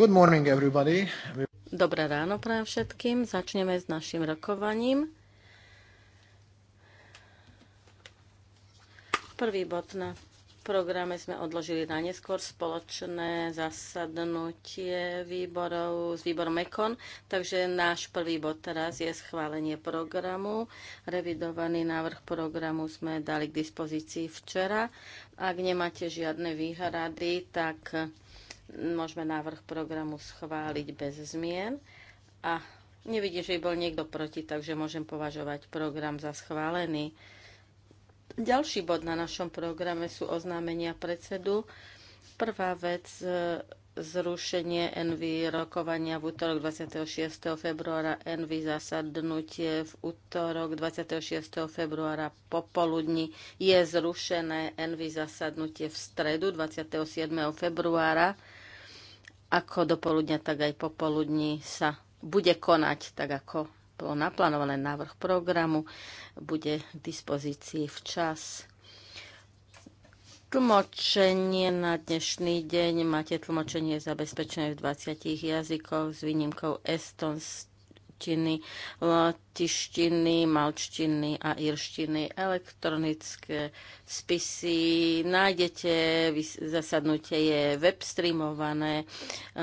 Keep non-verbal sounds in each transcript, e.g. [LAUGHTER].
Good morning, everybody. Dobré ráno pre všetkým. Začneme s našim rokovaním. Prvý bod na programe sme odložili na neskôr spoločné zasadnutie výborov s výborom EKON, takže náš prvý bod teraz je schválenie programu. Revidovaný návrh programu sme dali k dispozícii včera. Ak nemáte žiadne výhrady, tak Môžeme návrh programu schváliť bez zmien a nevidím, že by bol niekto proti, takže môžem považovať program za schválený. Ďalší bod na našom programe sú oznámenia predsedu. Prvá vec e, zrušenie NV rokovania v útorok 26. februára, Envy zasadnutie v útorok 26. februára popoludní je zrušené Envy zasadnutie v stredu 27. februára ako do poludňa, tak aj popoludní sa bude konať, tak ako bolo naplánované návrh programu, bude k dispozícii včas. Tlmočenie na dnešný deň. Máte tlmočenie zabezpečené v 20 jazykoch s výnimkou estonského malčiny, latištiny, malčtiny a irštiny. Elektronické spisy nájdete, zasadnutie je webstreamované,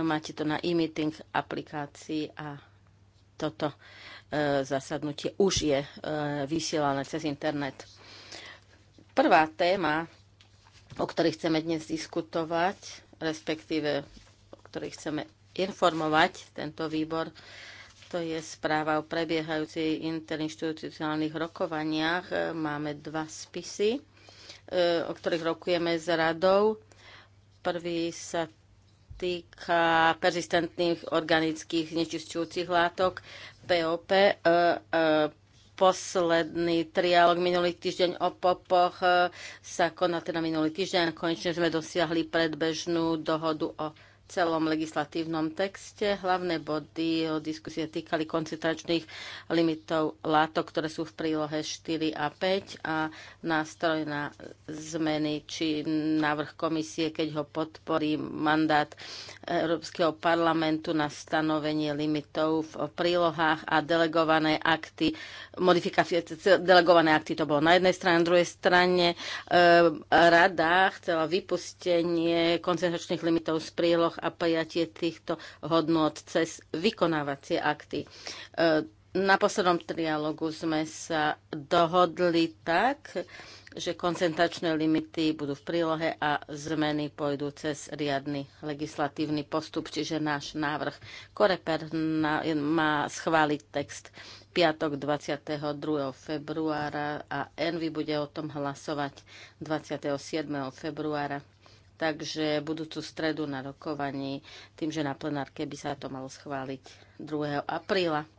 máte to na e-meeting aplikácii a toto e, zasadnutie už je e, vysielané cez internet. Prvá téma, o ktorej chceme dnes diskutovať, respektíve o ktorej chceme informovať tento výbor, to je správa o prebiehajúcich interinstitucionálnych rokovaniach. Máme dva spisy, e, o ktorých rokujeme s radou. Prvý sa týka persistentných organických znečistujúcich látok POP. E, e, posledný trialog minulý týždeň o popoch sa konal teda minulý týždeň konečne sme dosiahli predbežnú dohodu o celom legislatívnom texte. Hlavné body o diskusie týkali koncentračných limitov látok, ktoré sú v prílohe 4 a 5 a nástroj na zmeny či návrh komisie, keď ho podporí mandát Európskeho parlamentu na stanovenie limitov v prílohách a delegované akty, modifikácie, delegované akty to bolo na jednej strane, na druhej strane e, rada chcela vypustenie koncentračných limitov z príloh hodnotách a prijatie týchto hodnot cez vykonávacie akty. E, na poslednom trialogu sme sa dohodli tak, že koncentračné limity budú v prílohe a zmeny pôjdu cez riadny legislatívny postup, čiže náš návrh. Koreper na, má schváliť text piatok 22. februára a Envy bude o tom hlasovať 27. februára takže budúcu stredu na rokovaní, tým, že na plenárke by sa to malo schváliť 2. apríla.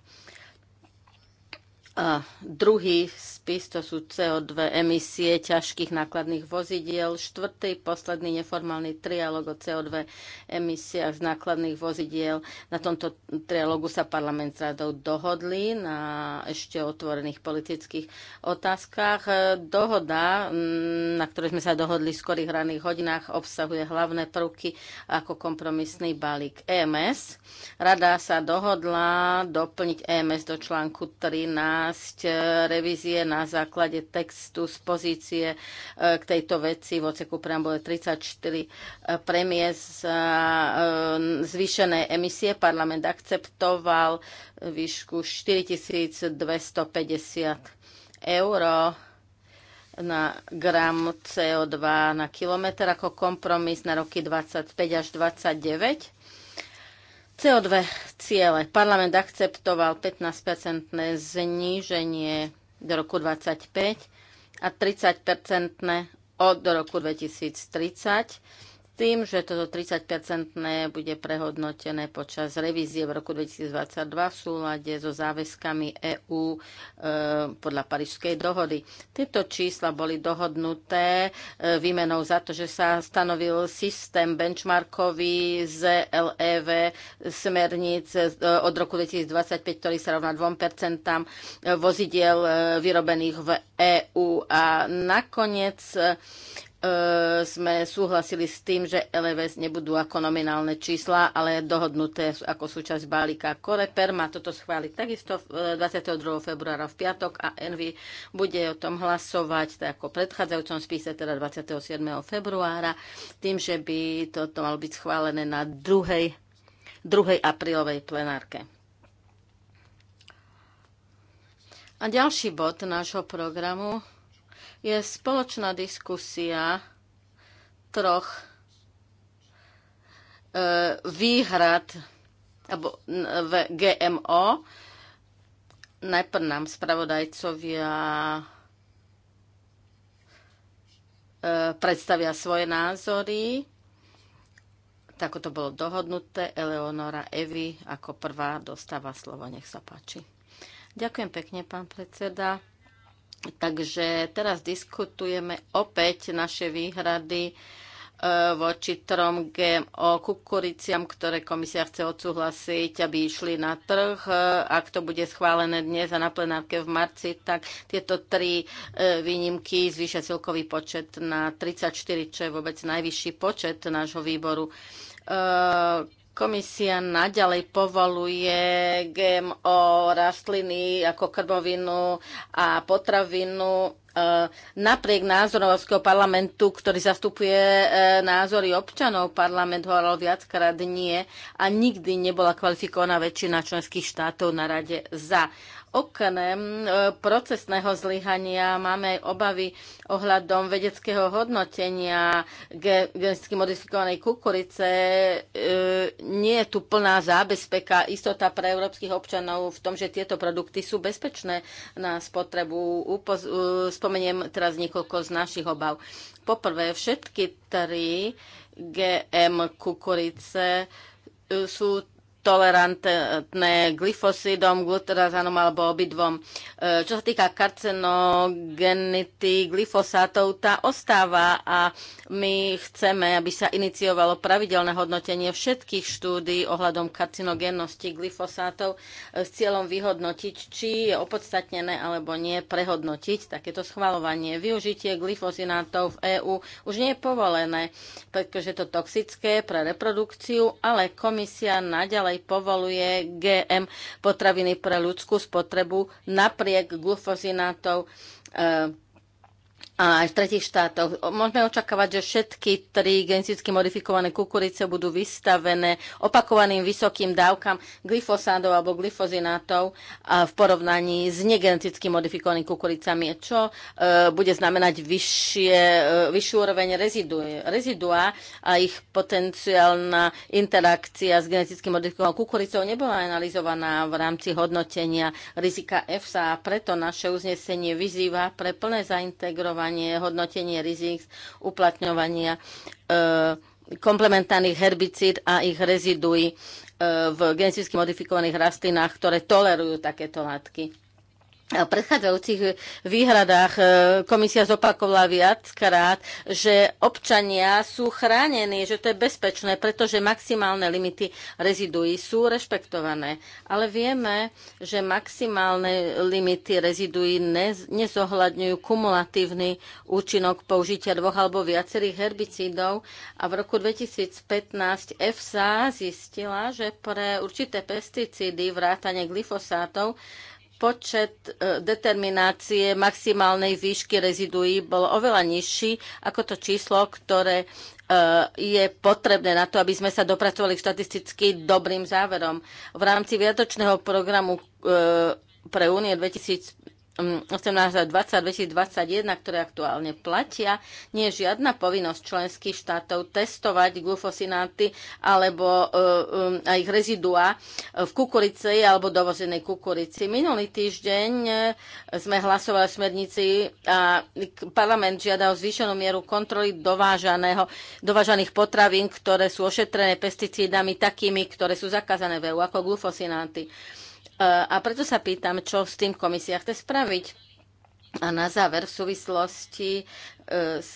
A druhý spis to sú CO2 emisie ťažkých nákladných vozidiel. Štvrtý, posledný neformálny trialog o CO2 emisiách z nákladných vozidiel. Na tomto trialogu sa parlament s radou dohodli na ešte otvorených politických otázkach. Dohoda, mm, na ktorej sme sa dohodli v skorých raných hodinách, obsahuje hlavné prvky ako kompromisný balík EMS. Rada sa dohodla doplniť EMS do článku 3 na E, revízie na základe textu z pozície e, k tejto veci v oceku preambule 34 e, premie za zvýšené emisie. Parlament akceptoval výšku 4250 eur na gram CO2 na kilometr ako kompromis na roky 25 až 29 CO2 ciele. Parlament akceptoval 15-percentné zníženie do roku 2025 a 30-percentné od do roku 2030 tým, že toto 30-percentné bude prehodnotené počas revízie v roku 2022 v súlade so záväzkami EÚ e, podľa Parížskej dohody. Tieto čísla boli dohodnuté e, výmenou za to, že sa stanovil systém benchmarkový z LEV smerníc e, od roku 2025, ktorý sa rovná 2% e, vozidiel e, vyrobených v EÚ. A nakoniec e, E, sme súhlasili s tým, že LVS nebudú ako nominálne čísla, ale dohodnuté ako súčasť balíka. Koreper má toto schváliť takisto 22. E, februára v piatok a Envy bude o tom hlasovať tak ako predchádzajúcom spise, teda 27. februára, tým, že by toto malo byť schválené na 2. 2. aprílovej plenárke. A ďalší bod nášho programu je spoločná diskusia troch e, výhrad alebo v GMO. Najprv nám spravodajcovia e, predstavia svoje názory. Tako to bolo dohodnuté. Eleonora Evi ako prvá dostáva slovo. Nech sa páči. Ďakujem pekne, pán predseda. Takže teraz diskutujeme opäť naše výhrady e, voči trom GMO kukuriciam, ktoré komisia chce odsúhlasiť, aby išli na trh. E, ak to bude schválené dnes a na plenárke v marci, tak tieto tri e, výnimky zvýšia celkový počet na 34, čo je vôbec najvyšší počet nášho výboru Komisia naďalej povoluje GMO rastliny ako krmovinu a potravinu e, napriek názorom Európskeho parlamentu, ktorý zastupuje e, názory občanov, parlament hovoril viackrát nie a nikdy nebola kvalifikovaná väčšina členských štátov na rade za. Okrem e, procesného zlyhania máme aj obavy ohľadom vedeckého hodnotenia geneticky modifikovanej kukurice. E, nie je tu plná zábezpeka, istota pre európskych občanov v tom, že tieto produkty sú bezpečné na spotrebu. E, spomeniem teraz niekoľko z našich obav. Poprvé, všetky tri GM kukurice sú tolerantné glyfosidom, glutrazanom alebo obidvom. E, čo sa týka karcinogenity glyfosátov, tá ostáva a my chceme, aby sa iniciovalo pravidelné hodnotenie všetkých štúdí ohľadom karcinogennosti glyfosátov s cieľom vyhodnotiť, či je opodstatnené alebo nie prehodnotiť takéto schvalovanie. Využitie glyfosinátov v EÚ už nie je povolené, pretože je to toxické pre reprodukciu, ale komisia naďalej ďalej povoluje GM potraviny pre ľudskú spotrebu napriek glufozinátov e, a aj v tretich štátoch. Môžeme očakávať, že všetky tri geneticky modifikované kukurice budú vystavené opakovaným vysokým dávkam glyfosádov alebo glyfozinátov v porovnaní s negeneticky modifikovanými kukuricami, čo e, bude znamenať vyššie, e, vyššiu úroveň rezidua a ich potenciálna interakcia s geneticky modifikovanou kukuricou nebola analyzovaná v rámci hodnotenia rizika EFSA a preto naše uznesenie vyzýva pre plné zaintegrovanie plánovanie, hodnotenie rizik, uplatňovania e, komplementárnych herbicíd a ich reziduí e, v geneticky modifikovaných rastlinách, ktoré tolerujú takéto látky. V predchádzajúcich výhradách e, komisia zopakovala viackrát, že občania sú chránení, že to je bezpečné, pretože maximálne limity reziduí sú rešpektované. Ale vieme, že maximálne limity reziduí nezohľadňujú kumulatívny účinok použitia dvoch alebo viacerých herbicídov a v roku 2015 EFSA zistila, že pre určité pesticídy vrátane glyfosátov počet e, determinácie maximálnej výšky reziduí bol oveľa nižší ako to číslo, ktoré e, je potrebné na to, aby sme sa dopracovali k štatisticky dobrým záverom. V rámci viatočného programu e, pre únie 2015 18 a 20 2021, ktoré aktuálne platia, nie je žiadna povinnosť členských štátov testovať glufosináty alebo uh, um, ich rezidua v kukurici alebo dovozenej kukurici. Minulý týždeň uh, sme hlasovali v smernici a parlament žiada o zvýšenú mieru kontroly dovážaného, dovážaných potravín, ktoré sú ošetrené pesticídami takými, ktoré sú zakázané v EU, ako glufosináty. Uh, a preto sa pýtam, čo s tým komisia chce spraviť. A na záver v súvislosti e, s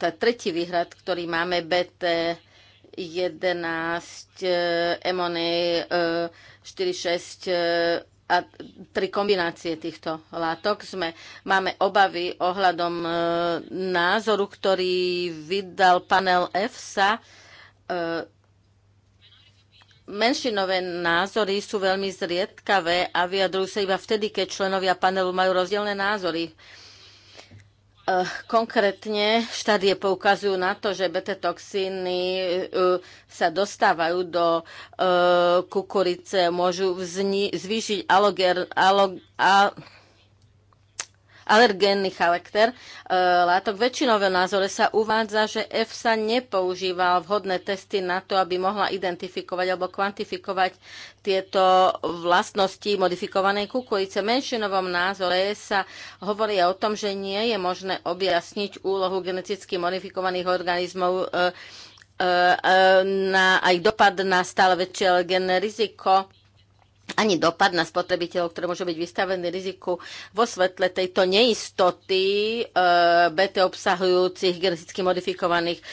tá tretí výhrad, ktorý máme BT 11, MONE 46, a pri e, e, kombinácie týchto látok sme, máme obavy ohľadom názoru, ktorý vydal panel EFSA menšinové názory sú veľmi zriedkavé a vyjadrujú sa iba vtedy, keď členovia panelu majú rozdielne názory. Eh, konkrétne štádie poukazujú na to, že betetoxíny eh, sa dostávajú do eh, kukurice, môžu zvýšiť alogér, alog, al, alergénny charakter eh, látok. Väčšinové názore sa uvádza, že EFSA nepoužíval vhodné testy na to, aby mohla identifikovať alebo kvantifikovať tieto vlastnosti modifikovanej kukurice. V menšinovom názore sa hovorí o tom, že nie je možné objasniť úlohu geneticky modifikovaných organizmov eh, eh, na aj dopad na stále väčšie alergénne riziko ani dopad na spotrebiteľov, ktoré môžu byť vystavený riziku vo svetle tejto neistoty e, eh, BT obsahujúcich geneticky modifikovaných e,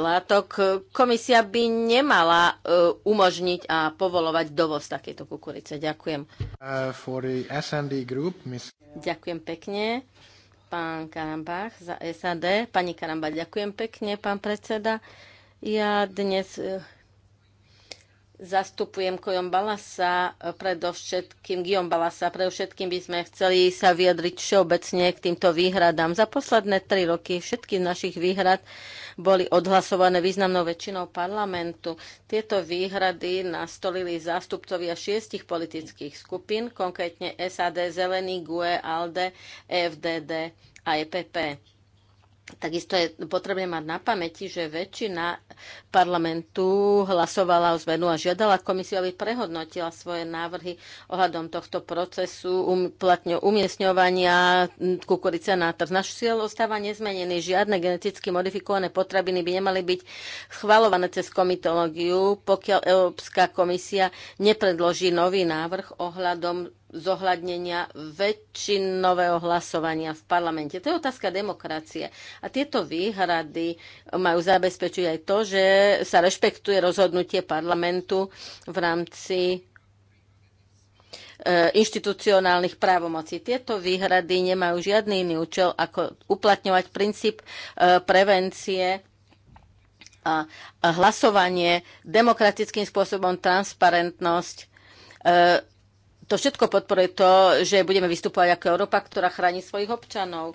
látok. Komisia by nemala e, umožniť a povolovať dovoz takejto kukurice. Ďakujem. Uh, for the SND group, Ms. Ďakujem pekne. Pán Karambach za SAD. Pani Karamba, ďakujem pekne, pán predseda. Ja dnes... E, zastupujem Kojom Balasa, e, predovšetkým Gion Balasa, predovšetkým by sme chceli sa vyjadriť všeobecne k týmto výhradám. Za posledné tri roky všetky našich výhrad boli odhlasované významnou väčšinou parlamentu. Tieto výhrady nastolili zástupcovia šiestich politických skupín, konkrétne SAD, Zelený, GUE, ALDE, EFDD a EPP. Takisto je potrebné mať na pamäti, že väčšina parlamentu hlasovala o zmenu a žiadala komisiu, aby prehodnotila svoje návrhy ohľadom tohto procesu um, platne umiestňovania kukurice na trh. Náš cieľ ostáva nezmenený. Žiadne geneticky modifikované potraviny by nemali byť schvalované cez komitológiu, pokiaľ Európska komisia nepredloží nový návrh ohľadom zohľadnenia väčšinového hlasovania v parlamente. To je otázka demokracie. A tieto výhrady majú zabezpečiť aj to, že sa rešpektuje rozhodnutie parlamentu v rámci e, inštitucionálnych právomocí. Tieto výhrady nemajú žiadny iný účel, ako uplatňovať princíp e, prevencie a, hlasovanie demokratickým spôsobom, transparentnosť, e, to všetko podporuje to, že budeme vystupovať ako Európa, ktorá chráni svojich občanov. E,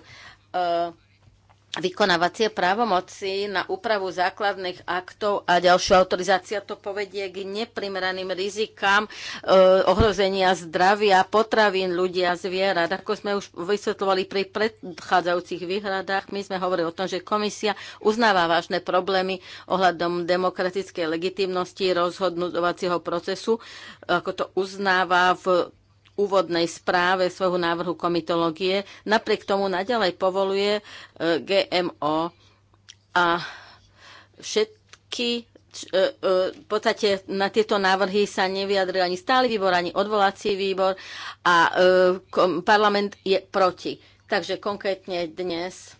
vykonávacie právomoci na úpravu základných aktov a ďalšia autorizácia to povedie k neprimeraným rizikám e, ohrozenia zdravia, potravín ľudí a zvierat. Ako sme už vysvetlovali pri predchádzajúcich výhradách, my sme hovorili o tom, že komisia uznáva vážne problémy ohľadom demokratickej legitimnosti rozhodnutovacieho procesu, ako to uznáva v úvodnej správe svojho návrhu komitológie, napriek tomu naďalej povoluje e, GMO a všetky e, e, v podstate na tieto návrhy sa nevyjadril ani stály výbor, ani odvolací výbor a parlament je proti. Takže konkrétne dnes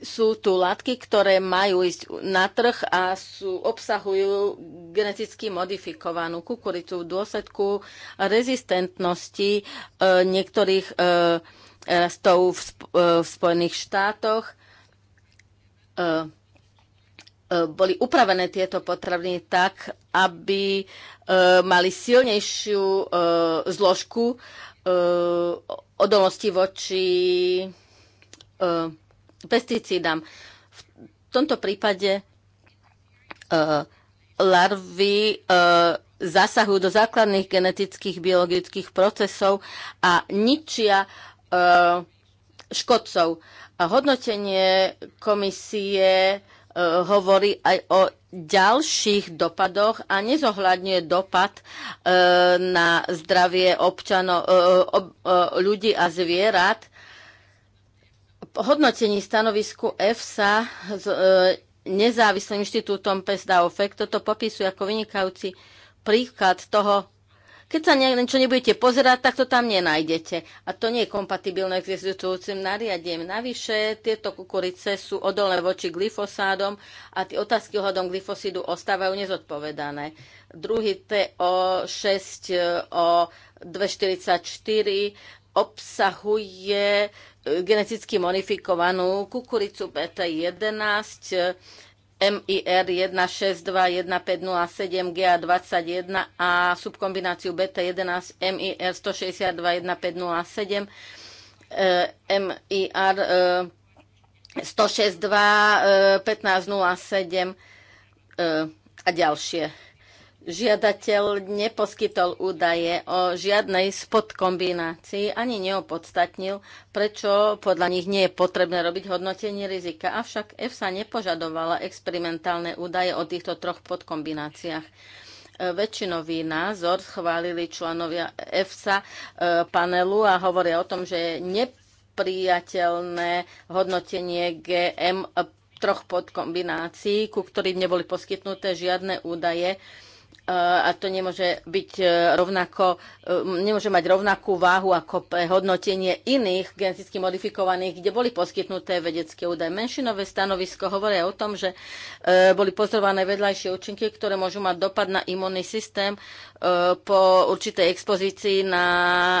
sú tu látky, ktoré majú ísť na trh a sú, obsahujú geneticky modifikovanú kukuricu v dôsledku rezistentnosti e, niektorých e, rastov v, e, v Spojených štátoch. E, e, boli upravené tieto potraviny tak, aby e, mali silnejšiu e, zložku e, odolnosti voči e, pesticídam. V tomto prípade uh, larvy uh, zasahujú do základných genetických biologických procesov a ničia uh, škodcov. A hodnotenie komisie uh, hovorí aj o ďalších dopadoch a nezohľadňuje dopad na zdravie občanov, ob, ľudí a zvierat hodnotení stanovisku EFSA s e, nezávislým inštitútom PESDAOFEK toto popisuje ako vynikajúci príklad toho, keď sa niečo nebudete pozerať, tak to tam nenájdete. A to nie je kompatibilné s existujúcim nariadením. Navyše, tieto kukurice sú odolné voči glyfosádom a tie otázky ohľadom glyfosídu ostávajú nezodpovedané. Druhý TO6 o 244 obsahuje e, geneticky modifikovanú kukuricu BT11, MIR 1621507 GA21 a subkombináciu BT11 MIR 1621507 MIR 162 1507 a ďalšie Žiadateľ neposkytol údaje o žiadnej spodkombinácii ani neopodstatnil, prečo podľa nich nie je potrebné robiť hodnotenie rizika. Avšak EFSA nepožadovala experimentálne údaje o týchto troch podkombináciách e, väčšinový názor schválili členovia EFSA e, panelu a hovoria o tom, že je nepriateľné hodnotenie GM troch podkombinácií, ku ktorým neboli poskytnuté žiadne údaje E, a to nemôže byť e, rovnako, e, nemôže mať rovnakú váhu ako pre hodnotenie iných geneticky modifikovaných, kde boli poskytnuté vedecké údaje. Menšinové stanovisko hovoria o tom, že boli pozorované vedľajšie účinky, ktoré môžu mať dopad na imunný systém po určitej expozícii na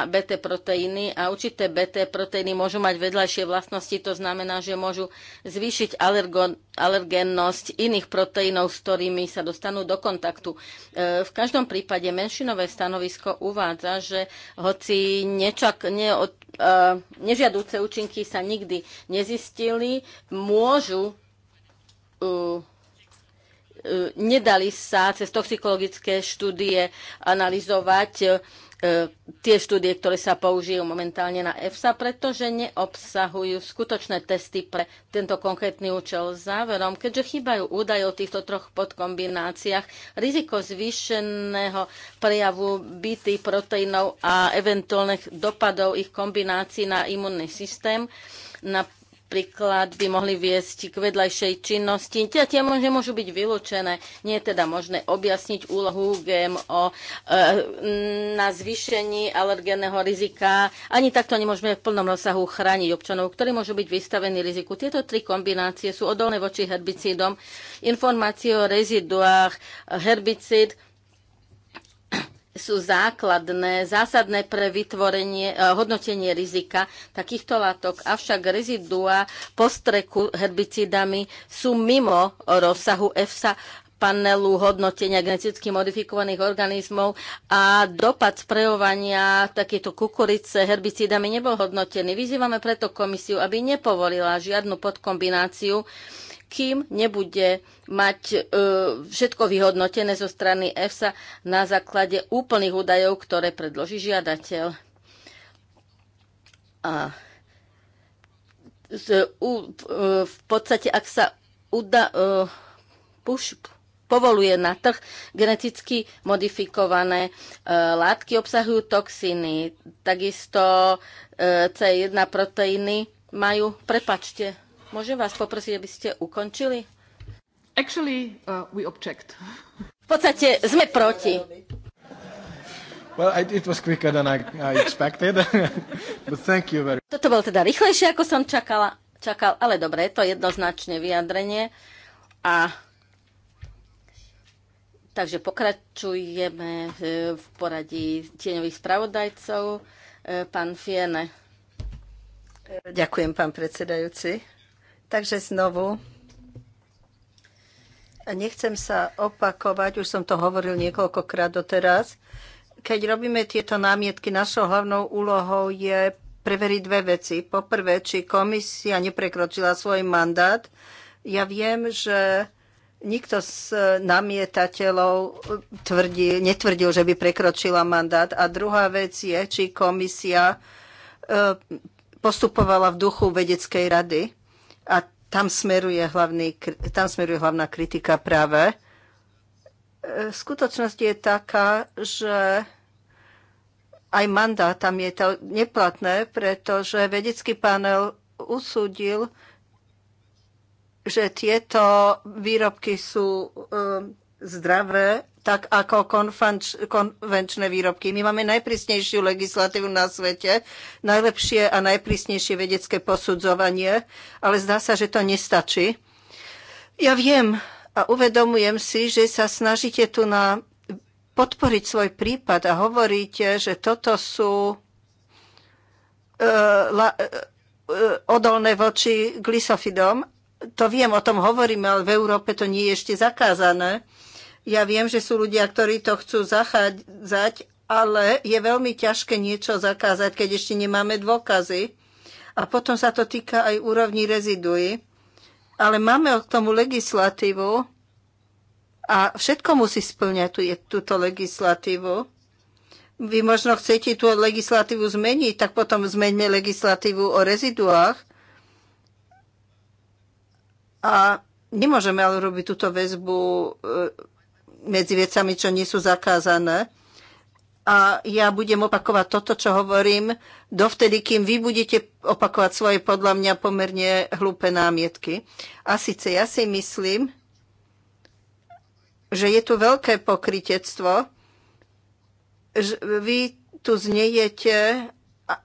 BT proteíny a určité BT proteíny môžu mať vedľajšie vlastnosti, to znamená, že môžu zvýšiť alergon alergennosť iných proteínov, s ktorými sa dostanú do kontaktu. E, v každom prípade menšinové stanovisko uvádza, že hoci nečak, ne, e, nežiadúce účinky sa nikdy nezistili, môžu e, nedali sa cez toxikologické štúdie analyzovať E, tie štúdie, ktoré sa použijú momentálne na EFSA, pretože neobsahujú skutočné testy pre tento konkrétny účel. Záverom, keďže chýbajú údaje o týchto troch podkombináciách, riziko zvýšeného prejavu byty proteínov a eventuálnych dopadov ich kombinácií na imunný systém, na napríklad by mohli viesť k vedľajšej činnosti. Tie, tie môže, môžu byť vylúčené. Nie je teda možné objasniť úlohu GMO e, na zvýšení alergénneho rizika. Ani takto nemôžeme v plnom rozsahu chrániť občanov, ktorí môžu byť vystavení riziku. Tieto tri kombinácie sú odolné voči herbicídom, informácie o reziduách herbicíd, sú základné, zásadné pre vytvorenie, eh, hodnotenie rizika takýchto látok, avšak rezidua postreku herbicidami sú mimo rozsahu EFSA panelu hodnotenia geneticky modifikovaných organizmov a dopad sprejovania takéto kukurice herbicidami nebol hodnotený. Vyzývame preto komisiu, aby nepovolila žiadnu podkombináciu kým nebude mať e, všetko vyhodnotené zo strany EFSA na základe úplných údajov, ktoré predloží žiadateľ. A v podstate, ak sa uda, e, puš, povoluje na trh geneticky modifikované e, látky, obsahujú toxiny, takisto e, C1 proteíny majú, prepačte, Môžem vás poprosiť, aby ste ukončili? Actually, uh, we object. V podstate sme proti. Well, it was quicker than I, I expected, [LAUGHS] but thank you very Toto bolo teda rýchlejšie, ako som čakala, čakal, ale dobre, to je jednoznačne vyjadrenie. A takže pokračujeme e, v poradí tieňových spravodajcov. E, pán Fiene. Ďakujem, pán predsedajúci. Takže znovu. A nechcem sa opakovať, už som to hovoril niekoľkokrát doteraz. Keď robíme tieto námietky, našou hlavnou úlohou je preveriť dve veci. Poprvé, či komisia neprekročila svoj mandát. Ja viem, že nikto z namietateľov tvrdí, netvrdil, že by prekročila mandát. A druhá vec je, či komisia e, postupovala v duchu vedeckej rady a tam smeruje, hlavný, tam smeruje hlavná kritika práve. E, skutočnosť je taká, že aj mandát tam je to neplatné, pretože vedecký panel usúdil, že tieto výrobky sú e, zdravé tak ako konvenčné výrobky. My máme najprísnejšiu legislatívu na svete, najlepšie a najprísnejšie vedecké posudzovanie, ale zdá sa, že to nestačí. Ja viem a uvedomujem si, že sa snažíte tu na podporiť svoj prípad a hovoríte, že toto sú uh, la, uh, odolné voči glisofidom. To viem, o tom hovoríme, ale v Európe to nie je ešte zakázané. Ja viem, že sú ľudia, ktorí to chcú zachádzať, ale je veľmi ťažké niečo zakázať, keď ešte nemáme dôkazy. A potom sa to týka aj úrovni reziduji. Ale máme k tomu legislatívu a všetko musí splňať tú, túto legislatívu vy možno chcete tú legislatívu zmeniť, tak potom zmeňme legislatívu o reziduách. A nemôžeme ale robiť túto väzbu e, medzi vecami, čo nie sú zakázané. A ja budem opakovať toto, čo hovorím, dovtedy, kým vy budete opakovať svoje podľa mňa pomerne hlúpe námietky. A síce ja si myslím, že je tu veľké pokritectvo, že vy tu znejete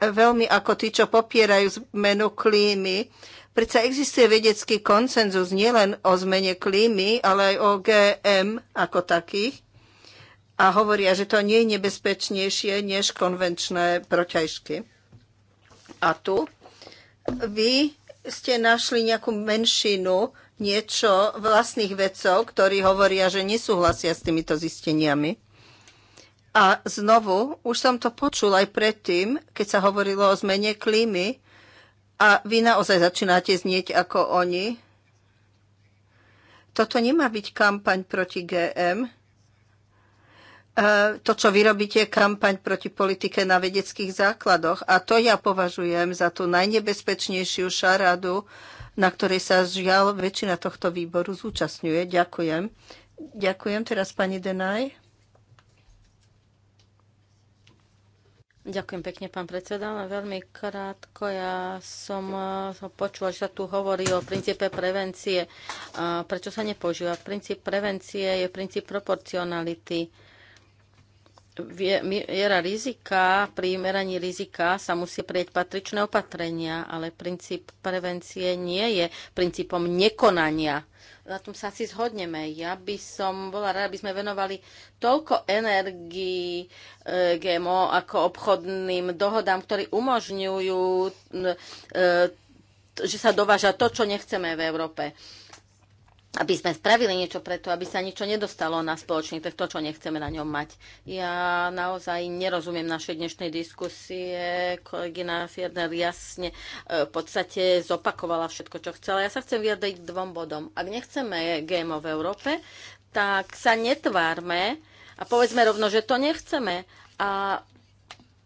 veľmi ako tí, čo popierajú zmenu klímy. Predsa existuje vedecký koncenzus nielen o zmene klímy, ale aj o GM ako takých. A hovoria, že to nie je nebezpečnejšie než konvenčné proťažky. A tu vy ste našli nejakú menšinu, niečo vlastných vedcov, ktorí hovoria, že nesúhlasia s týmito zisteniami. A znovu, už som to počul aj predtým, keď sa hovorilo o zmene klímy, a vy naozaj začínate znieť ako oni. Toto nemá byť kampaň proti GM. E, to, čo vy robíte, je kampaň proti politike na vedeckých základoch. A to ja považujem za tú najnebezpečnejšiu šaradu, na ktorej sa žiaľ väčšina tohto výboru zúčastňuje. Ďakujem. Ďakujem teraz pani Denaj. Ďakujem pekne, pán predseda. veľmi krátko, ja som, eh, som počula, že sa tu hovorí o princípe prevencie. Eh, prečo sa nepožíva? Princíp prevencie je princíp proporcionality. Miera rizika, pri meraní rizika sa musí prieť patričné opatrenia, ale princíp prevencie nie je princípom nekonania na tom sa asi zhodneme. Ja by som bola rada, aby sme venovali toľko energii e, GMO ako obchodným dohodám, ktorí umožňujú, e, e, že sa dováža to, čo nechceme v Európe aby sme spravili niečo preto, aby sa niečo nedostalo na spoločný trh, to, čo nechceme na ňom mať. Ja naozaj nerozumiem našej dnešnej diskusie. Kolegyna Fierner jasne e, v podstate zopakovala všetko, čo chcela. Ja sa chcem vyjadriť dvom bodom. Ak nechceme GMO v Európe, tak sa netvárme a povedzme rovno, že to nechceme. A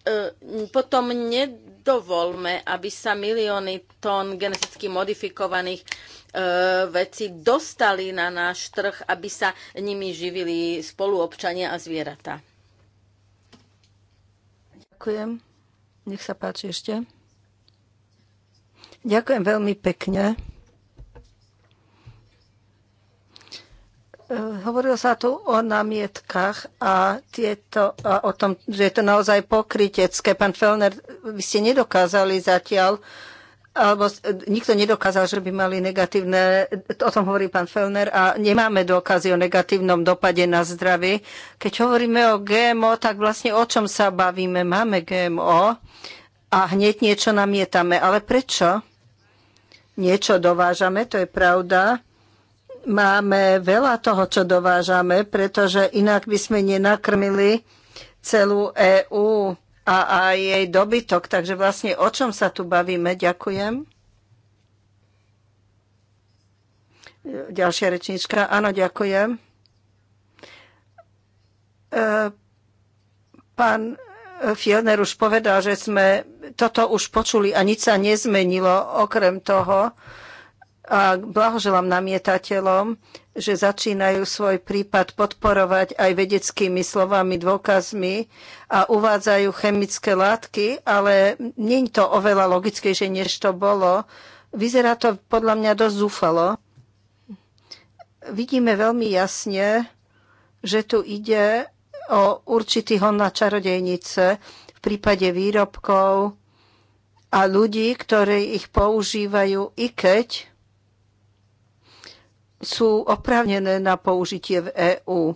e, potom nedovolme, aby sa milióny tón geneticky modifikovaných E, veci dostali na náš trh, aby sa nimi živili spoluobčania a zvieratá. Ďakujem. Nech sa páči ešte. Ďakujem veľmi pekne. E, hovorilo sa tu o namietkach a, tieto, a o tom, že je to naozaj pokrytecké. Pán Felner, vy ste nedokázali zatiaľ uh, alebo nikto nedokázal, že by mali negatívne, o tom hovorí pán Felner, a nemáme dôkazy o negatívnom dopade na zdravie. Keď hovoríme o GMO, tak vlastne o čom sa bavíme? Máme GMO a hneď niečo namietame. Ale prečo? Niečo dovážame, to je pravda. Máme veľa toho, čo dovážame, pretože inak by sme nenakrmili celú EÚ a, a jej dobytok. Takže vlastne o čom sa tu bavíme? Ďakujem. Ďalšia rečnička. Áno, ďakujem. E, pán Fielner už povedal, že sme toto už počuli a nič sa nezmenilo okrem toho, a blahoželám namietateľom, že začínajú svoj prípad podporovať aj vedeckými slovami, dôkazmi a uvádzajú chemické látky, ale nie je to oveľa logickejšie, než to bolo. Vyzerá to podľa mňa dosť zúfalo. Vidíme veľmi jasne, že tu ide o určitý hon na čarodejnice v prípade výrobkov a ľudí, ktorí ich používajú, i keď sú oprávnené na použitie v EÚ.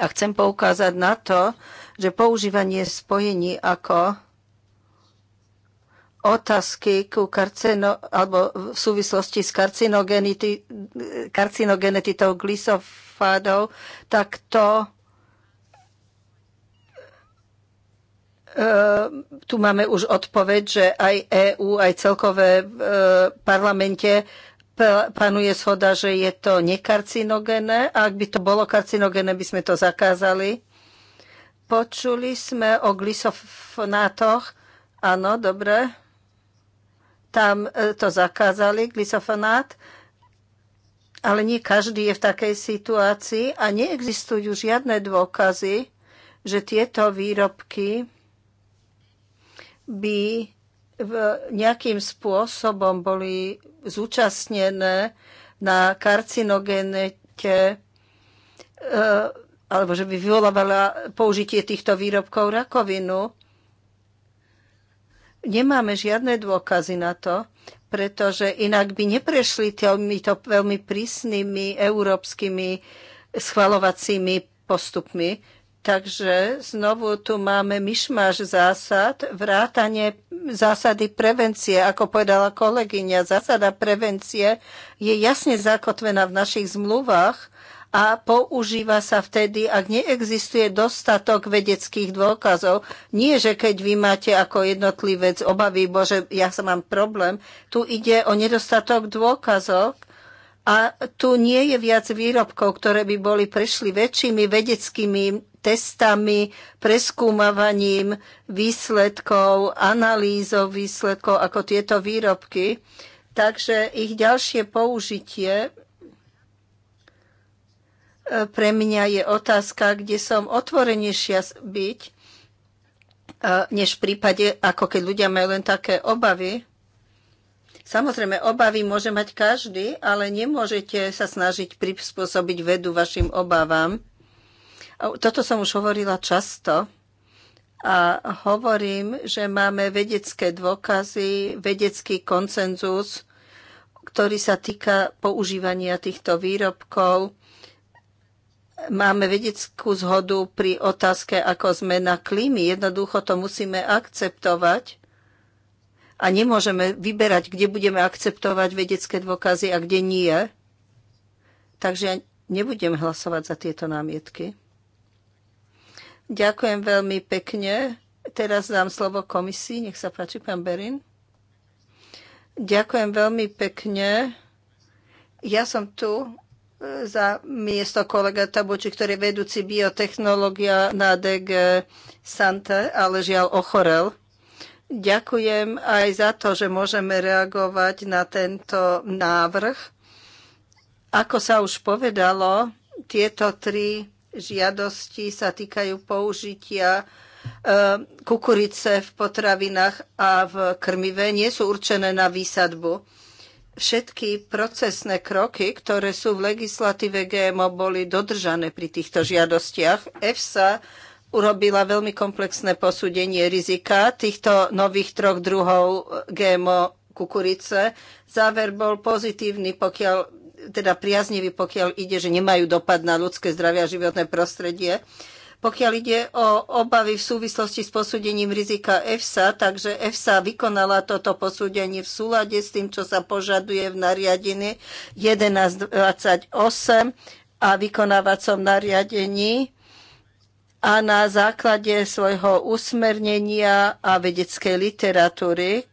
A chcem poukázať na to, že používanie spojení ako otázky ku karcino, alebo v súvislosti s karcinogenetitou glyfosátov, tak to e, tu máme už odpoveď, že aj EÚ, aj celkové e, v parlamente panuje schoda, že je to A Ak by to bolo karcinogénne, by sme to zakázali. Počuli sme o glisofonátoch. Áno, dobre. Tam e, to zakázali, glisofonát. Ale nie každý je v takej situácii a neexistujú žiadne dôkazy, že tieto výrobky by v nejakým spôsobom boli zúčastnené na karcinogenete e, alebo že by vyvolávala použitie týchto výrobkov rakovinu. Nemáme žiadne dôkazy na to, pretože inak by neprešli týmito veľmi prísnymi európskymi schvalovacími postupmi. Takže znovu tu máme myšmaš zásad, vrátanie zásady prevencie, ako povedala kolegyňa. Zásada prevencie je jasne zakotvená v našich zmluvách a používa sa vtedy, ak neexistuje dostatok vedeckých dôkazov. Nie, že keď vy máte ako jednotlivec obavy, bože, ja sa mám problém, tu ide o nedostatok dôkazov, a tu nie je viac výrobkov, ktoré by boli prešli väčšími vedeckými testami, preskúmavaním výsledkov, analýzou výsledkov ako tieto výrobky. Takže ich ďalšie použitie e, pre mňa je otázka, kde som otvorenejšia byť, e, než v prípade, ako keď ľudia majú len také obavy. Samozrejme, obavy môže mať každý, ale nemôžete sa snažiť prispôsobiť vedu vašim obavám. Toto som už hovorila často a hovorím, že máme vedecké dôkazy, vedecký koncenzus, ktorý sa týka používania týchto výrobkov. Máme vedeckú zhodu pri otázke, ako zmena klímy. Jednoducho to musíme akceptovať a nemôžeme vyberať, kde budeme akceptovať vedecké dôkazy a kde nie. Takže ja nebudem hlasovať za tieto námietky. Ďakujem veľmi pekne. Teraz dám slovo komisii. Nech sa páči, pán Berin. Ďakujem veľmi pekne. Ja som tu e, za miesto kolega Tabuči, ktorý je vedúci biotechnológia na DG Sante, ale žiaľ ochorel. Ďakujem aj za to, že môžeme reagovať na tento návrh. Ako sa už povedalo, tieto tri žiadosti sa týkajú použitia e, kukurice v potravinách a v krmive, nie sú určené na výsadbu. Všetky procesné kroky, ktoré sú v legislatíve GMO, boli dodržané pri týchto žiadostiach. EFSA urobila veľmi komplexné posúdenie rizika týchto nových troch druhov GMO kukurice. Záver bol pozitívny, pokiaľ teda priaznivý, pokiaľ ide, že nemajú dopad na ľudské zdravie a životné prostredie. Pokiaľ ide o obavy v súvislosti s posúdením rizika EFSA, takže EFSA vykonala toto posúdenie v súlade s tým, čo sa požaduje v nariadení 1128 a vykonávacom nariadení a na základe svojho usmernenia a vedeckej literatúry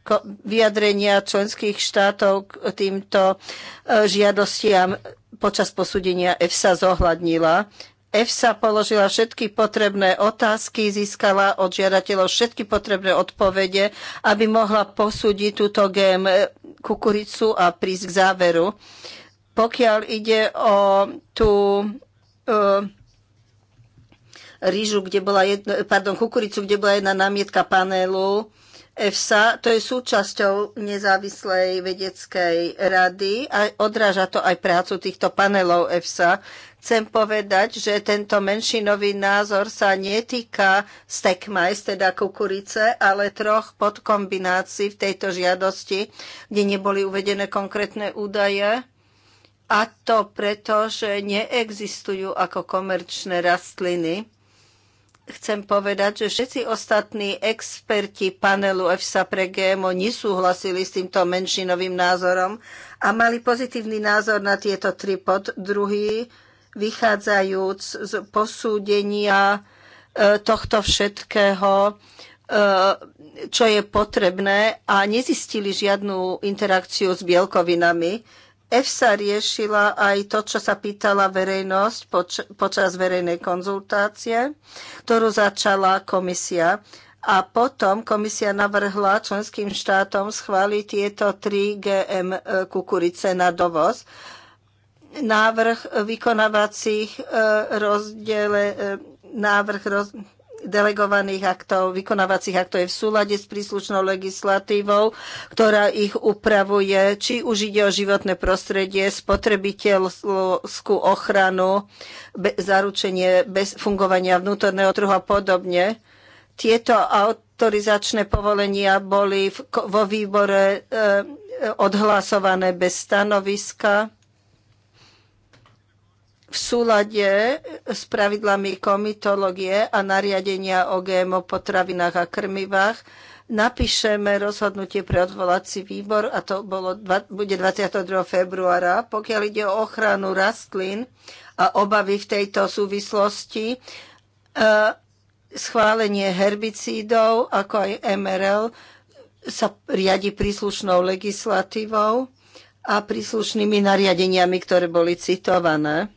vyjadrenia členských štátov k týmto e, žiadostiam počas posúdenia EFSA zohľadnila. EFSA položila všetky potrebné otázky, získala od žiadateľov všetky potrebné odpovede, aby mohla posúdiť túto GM e, kukuricu a prísť k záveru. Pokiaľ ide o tú uh, rýžu, kde bola jedno, pardon, kukuricu, kde bola jedna námietka panelu EFSA. To je súčasťou nezávislej vedeckej rady a odráža to aj prácu týchto panelov EFSA. Chcem povedať, že tento menšinový názor sa netýka stack teda kukurice, ale troch podkombinácií v tejto žiadosti, kde neboli uvedené konkrétne údaje. A to preto, že neexistujú ako komerčné rastliny chcem povedať, že všetci ostatní experti panelu EFSA pre GMO nesúhlasili s týmto menšinovým názorom a mali pozitívny názor na tieto tri poddruhy, vychádzajúc z posúdenia e, tohto všetkého, e, čo je potrebné a nezistili žiadnu interakciu s bielkovinami. EFSA riešila aj to, čo sa pýtala verejnosť poč- počas verejnej konzultácie, ktorú začala komisia. A potom komisia navrhla členským štátom schváliť tieto 3 GM e, kukurice na dovoz. Návrh vykonávacích e, rozdiele, e, návrh roz, delegovaných aktov, vykonávacích aktov je v súlade s príslušnou legislatívou, ktorá ich upravuje, či už ide o životné prostredie, spotrebiteľskú ochranu, be, zaručenie bez fungovania vnútorného trhu a podobne. Tieto autorizačné povolenia boli v, vo výbore e, odhlasované bez stanoviska v súlade s pravidlami komitológie a nariadenia o GMO potravinách a krmivách napíšeme rozhodnutie pre odvolací výbor a to bolo, bude 22. februára. Pokiaľ ide o ochranu rastlín a obavy v tejto súvislosti, e, schválenie herbicídov, ako aj MRL, sa riadi príslušnou legislatívou a príslušnými nariadeniami, ktoré boli citované.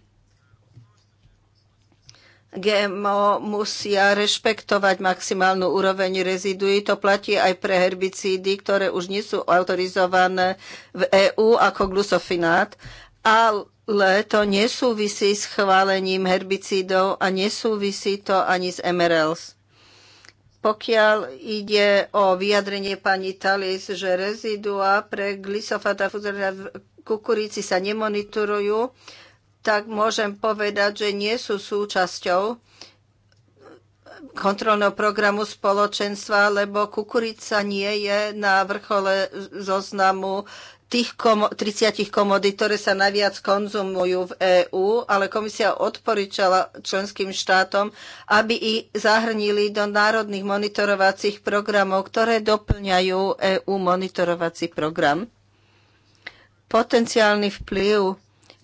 GMO musia rešpektovať maximálnu úroveň reziduí. To platí aj pre herbicídy, ktoré už nie sú autorizované v EÚ ako glusofinát, ale to nesúvisí s chválením herbicídov a nesúvisí to ani s MRLs. Pokiaľ ide o vyjadrenie pani Talis, že rezidua pre glyfosát a v kukurici sa nemonitorujú, tak môžem povedať, že nie sú súčasťou kontrolného programu spoločenstva, lebo kukurica nie je na vrchole zoznamu tých komo- 30 komodít, ktoré sa najviac konzumujú v EÚ, ale komisia odporúčala členským štátom, aby ich zahrnili do národných monitorovacích programov, ktoré doplňajú EÚ monitorovací program. Potenciálny vplyv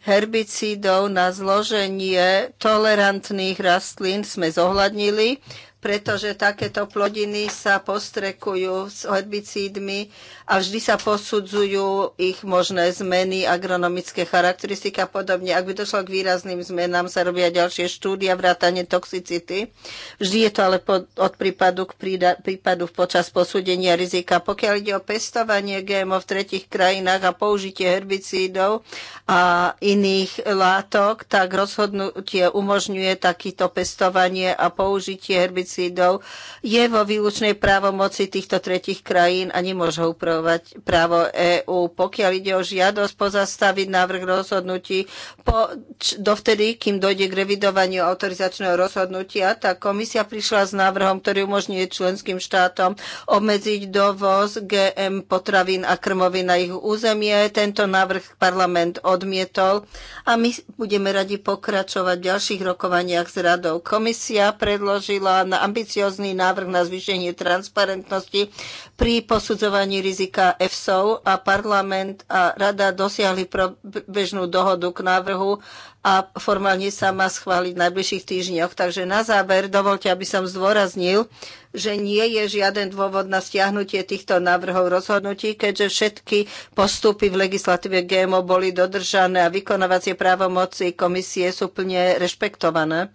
herbicídov na zloženie tolerantných rastlín sme zohľadnili pretože takéto plodiny sa postrekujú s herbicídmi a vždy sa posudzujú ich možné zmeny, agronomické charakteristiky a podobne. Ak by došlo k výrazným zmenám, sa robia ďalšie štúdia, vrátanie toxicity. Vždy je to ale od prípadu k prípadu počas posúdenia rizika. Pokiaľ ide o pestovanie GMO v tretich krajinách a použitie herbicídov a iných látok, tak rozhodnutie umožňuje takýto pestovanie a použitie herbicídov biocídov je vo výlučnej právomoci týchto tretich krajín a nemôže upravovať právo EÚ. Pokiaľ ide o žiadosť pozastaviť návrh rozhodnutí po, č, dovtedy, kým dojde k revidovaniu autorizačného rozhodnutia, tá komisia prišla s návrhom, ktorý umožňuje členským štátom obmedziť dovoz GM potravín a krmovín na ich územie. Tento návrh parlament odmietol a my budeme radi pokračovať v ďalších rokovaniach s radou. Komisia predložila na ambiciózny návrh na zvýšenie transparentnosti pri posudzovaní rizika EFSO a parlament a rada dosiahli bežnú dohodu k návrhu a formálne sa má schváliť v najbližších týždňoch. Takže na záver dovolte, aby som zdôraznil, že nie je žiaden dôvod na stiahnutie týchto návrhov rozhodnutí, keďže všetky postupy v legislatíve GMO boli dodržané a vykonávacie právomoci komisie sú plne rešpektované.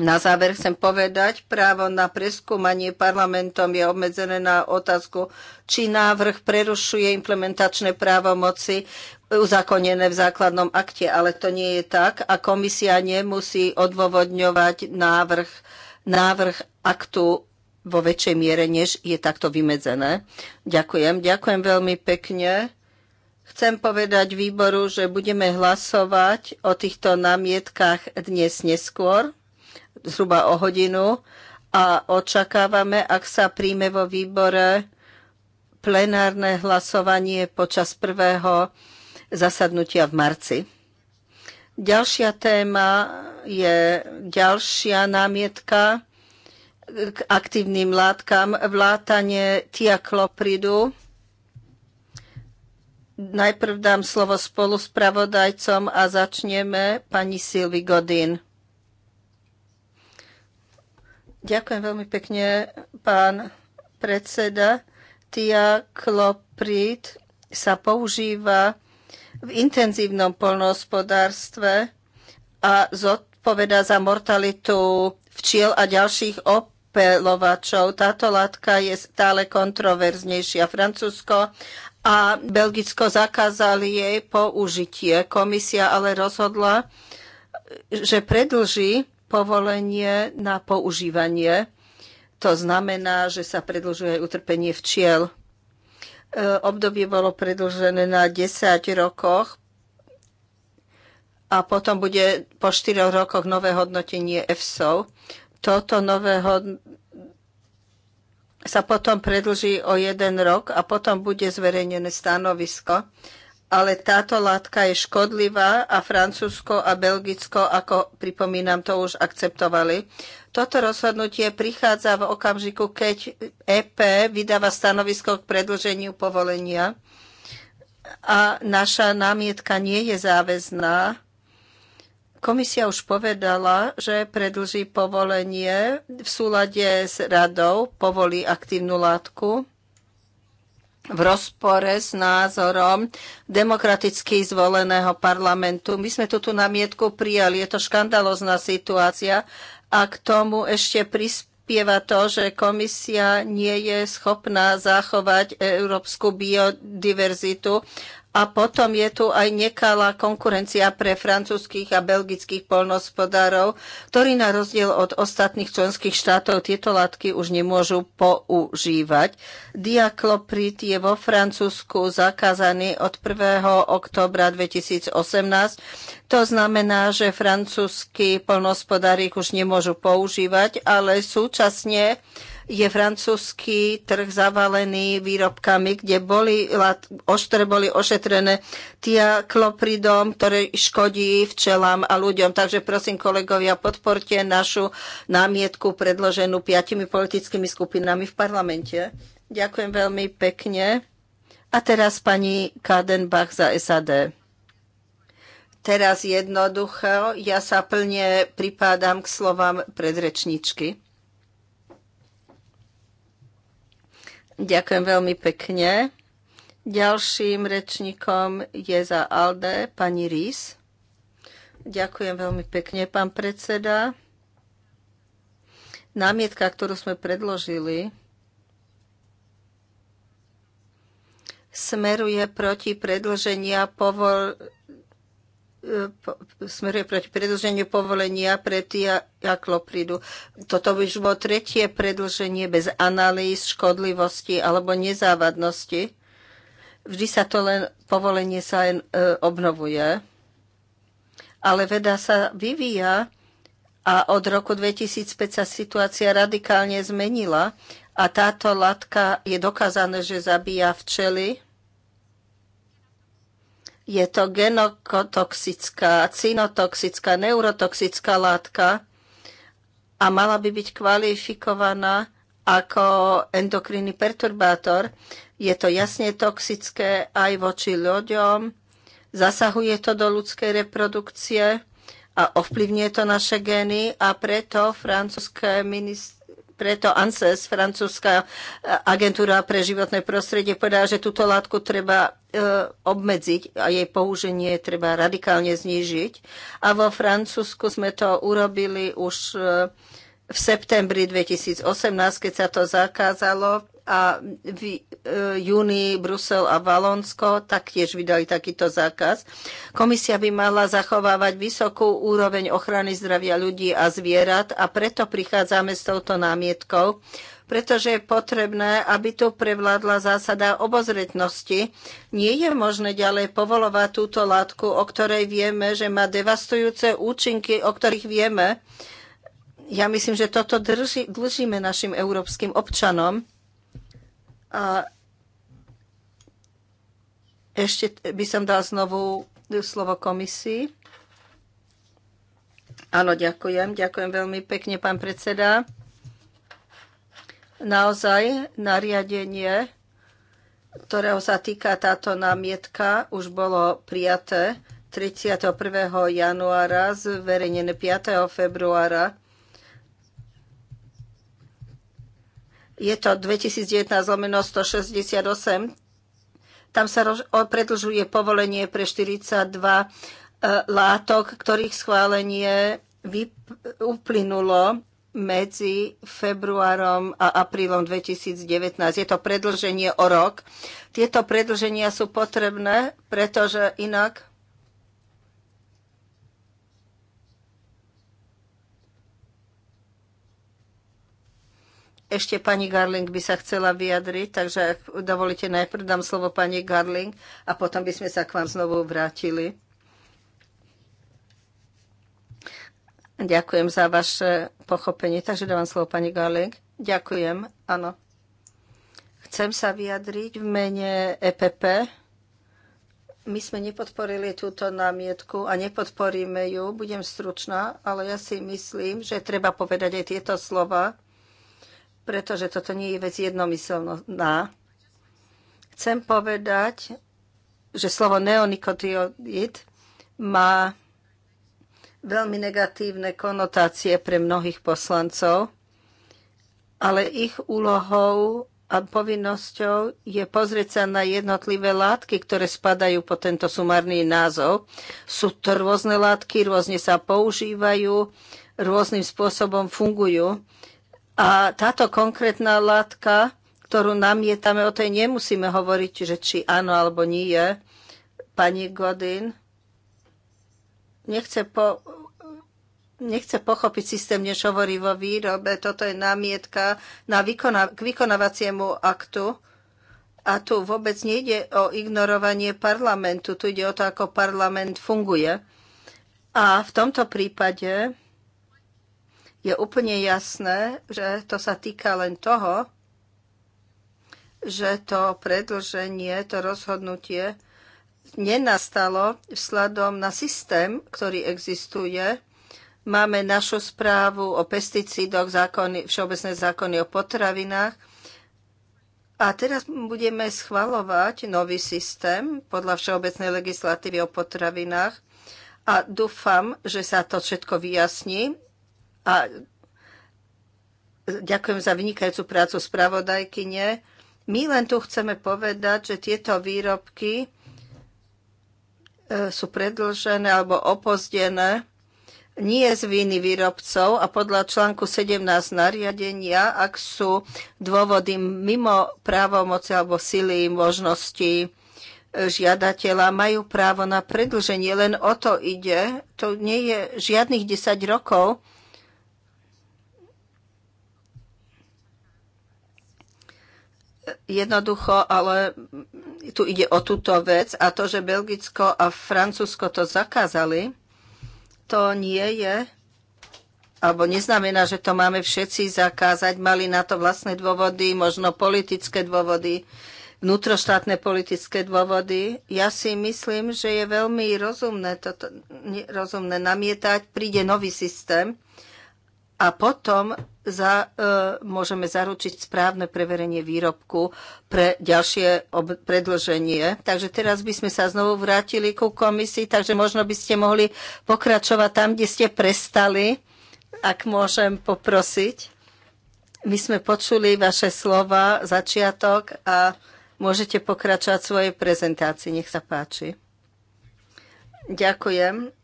Na záver chcem povedať, právo na preskúmanie parlamentom je obmedzené na otázku, či návrh prerušuje implementačné právomoci uzakonené v základnom akte, ale to nie je tak a komisia nemusí odôvodňovať návrh, návrh aktu vo väčšej miere, než je takto vymedzené. Ďakujem, ďakujem veľmi pekne. Chcem povedať výboru, že budeme hlasovať o týchto námietkách dnes neskôr zhruba o hodinu a očakávame, ak sa príjme vo výbore plenárne hlasovanie počas prvého zasadnutia v marci. Ďalšia téma je ďalšia námietka k aktívnym látkam, vlátanie tiaklopridu. Najprv dám slovo spoluspravodajcom a začneme pani Silvi Godin. Ďakujem veľmi pekne, pán predseda. Tiakloprid sa používa v intenzívnom polnohospodárstve a zodpoveda za mortalitu včiel a ďalších opelovačov. Táto látka je stále kontroverznejšia. Francúzsko a Belgicko zakázali jej použitie. Komisia ale rozhodla, že predlží povolenie na používanie. To znamená, že sa predlžuje utrpenie včiel. E, obdobie bolo predlžené na 10 rokoch a potom bude po 4 rokoch nové hodnotenie EFSO. Toto nové hod... sa potom predlží o jeden rok a potom bude zverejnené stanovisko ale táto látka je škodlivá a Francúzsko a Belgicko, ako pripomínam, to už akceptovali. Toto rozhodnutie prichádza v okamžiku, keď EP vydáva stanovisko k predlženiu povolenia a naša námietka nie je záväzná. Komisia už povedala, že predlží povolenie v súlade s radou, povolí aktívnu látku v rozpore s názorom demokraticky zvoleného parlamentu. My sme túto namietku prijali. Je to škandalozná situácia a k tomu ešte prispieva to, že komisia nie je schopná zachovať európsku biodiverzitu a potom je tu aj nekalá konkurencia pre francúzských a belgických polnospodárov, ktorí na rozdiel od ostatných členských štátov tieto látky už nemôžu používať. Diakloprit je vo Francúzsku zakázaný od 1. oktobra 2018. To znamená, že francúzskí polnospodári už nemôžu používať, ale súčasne je francúzsky trh zavalený výrobkami, kde boli, ktoré boli ošetrené tia klopridom, ktoré škodí včelám a ľuďom. Takže prosím kolegovia, podporte našu námietku predloženú piatimi politickými skupinami v parlamente. Ďakujem veľmi pekne. A teraz pani Kadenbach za SAD. Teraz jednoducho, ja sa plne pripádam k slovám predrečničky. Ďakujem veľmi pekne. Ďalším rečníkom je za ALDE pani Rís. Ďakujem veľmi pekne, pán predseda. Námietka, ktorú sme predložili, smeruje proti predlženia povol E, smeruje proti predlženiu povolenia pre tie aklopridu. Toto by už bolo tretie predlženie bez analýz, škodlivosti alebo nezávadnosti. Vždy sa to len, povolenie sa len e, obnovuje. Ale veda sa vyvíja a od roku 2005 sa situácia radikálne zmenila a táto látka je dokázané, že zabíja včely, je to genotoxická, cinotoxická, neurotoxická látka a mala by byť kvalifikovaná ako endokrinný perturbátor. Je to jasne toxické aj voči ľuďom, zasahuje to do ľudskej reprodukcie a ovplyvňuje to naše gény a preto francúzske ministerstvo preto ANSES, francúzska e, agentúra pre životné prostredie, povedala, že túto látku treba e, obmedziť a jej použenie treba radikálne znížiť. A vo Francúzsku sme to urobili už e, v septembri 2018, keď sa to zakázalo a v e, júni Brusel a Valonsko taktiež vydali takýto zákaz. Komisia by mala zachovávať vysokú úroveň ochrany zdravia ľudí a zvierat a preto prichádzame s touto námietkou, pretože je potrebné, aby tu prevládla zásada obozretnosti. Nie je možné ďalej povolovať túto látku, o ktorej vieme, že má devastujúce účinky, o ktorých vieme. Ja myslím, že toto drží, dlžíme našim európskym občanom. A ešte by som dal znovu slovo komisii. Áno, ďakujem. Ďakujem veľmi pekne, pán predseda. Naozaj nariadenie, ktorého sa týka táto námietka, už bolo prijaté 31. januára, zverejnené 5. februára je to 2019 lomeno 168. Tam sa predlžuje povolenie pre 42 e, látok, ktorých schválenie uplynulo medzi februárom a aprílom 2019. Je to predlženie o rok. Tieto predlženia sú potrebné, pretože inak Ešte pani Garling by sa chcela vyjadriť, takže ak dovolíte, najprv dám slovo pani Garling a potom by sme sa k vám znovu vrátili. Ďakujem za vaše pochopenie. Takže dávam slovo pani Garling. Ďakujem, áno. Chcem sa vyjadriť v mene EPP. My sme nepodporili túto námietku a nepodporíme ju. Budem stručná, ale ja si myslím, že treba povedať aj tieto slova pretože toto nie je vec jednomyselná. Chcem povedať, že slovo neonikotioid má veľmi negatívne konotácie pre mnohých poslancov, ale ich úlohou a povinnosťou je pozrieť sa na jednotlivé látky, ktoré spadajú po tento sumárny názov. Sú to rôzne látky, rôzne sa používajú, rôznym spôsobom fungujú. A táto konkrétna látka, ktorú namietame, o tej nemusíme hovoriť, že či áno alebo nie je. Pani Godin nechce, po, nechce pochopiť systém, než hovorí vo výrobe. Toto je námietka na vykona, k vykonávaciemu aktu. A tu vôbec nejde o ignorovanie parlamentu, tu ide o to, ako parlament funguje. A v tomto prípade je úplne jasné, že to sa týka len toho, že to predlženie, to rozhodnutie nenastalo vzhľadom na systém, ktorý existuje. Máme našu správu o pesticídoch, zákony, všeobecné zákony o potravinách. A teraz budeme schvalovať nový systém podľa všeobecnej legislatívy o potravinách. A dúfam, že sa to všetko vyjasní a ďakujem za vynikajúcu prácu spravodajkyne. My len tu chceme povedať, že tieto výrobky e, sú predlžené alebo opozdené nie z viny výrobcov a podľa článku 17 nariadenia, ak sú dôvody mimo právomoci alebo sily možnosti e, žiadateľa, majú právo na predlženie. Len o to ide. To nie je žiadnych 10 rokov. jednoducho, ale tu ide o túto vec a to, že Belgicko a Francúzsko to zakázali, to nie je, alebo neznamená, že to máme všetci zakázať. Mali na to vlastné dôvody, možno politické dôvody, vnútroštátne politické dôvody. Ja si myslím, že je veľmi rozumné, toto, rozumné namietať, príde nový systém a potom za, e, môžeme zaručiť správne preverenie výrobku pre ďalšie ob- Takže teraz by sme sa znovu vrátili ku komisii, takže možno by ste mohli pokračovať tam, kde ste prestali, ak môžem poprosiť. My sme počuli vaše slova, začiatok a môžete pokračovať svojej prezentácii. Nech sa páči. Ďakujem.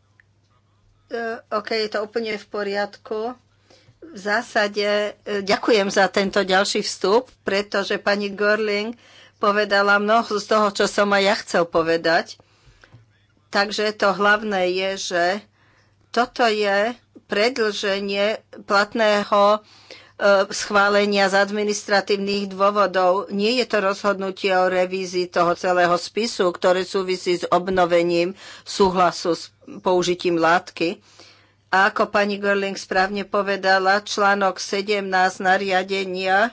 E, OK, je to úplne v poriadku v zásade e, ďakujem za tento ďalší vstup, pretože pani Görling povedala mnoho z toho, čo som aj ja chcel povedať. Takže to hlavné je, že toto je predlženie platného e, schválenia z administratívnych dôvodov. Nie je to rozhodnutie o revízii toho celého spisu, ktoré súvisí s obnovením súhlasu s použitím látky a ako pani Görling správne povedala, článok 17 nariadenia,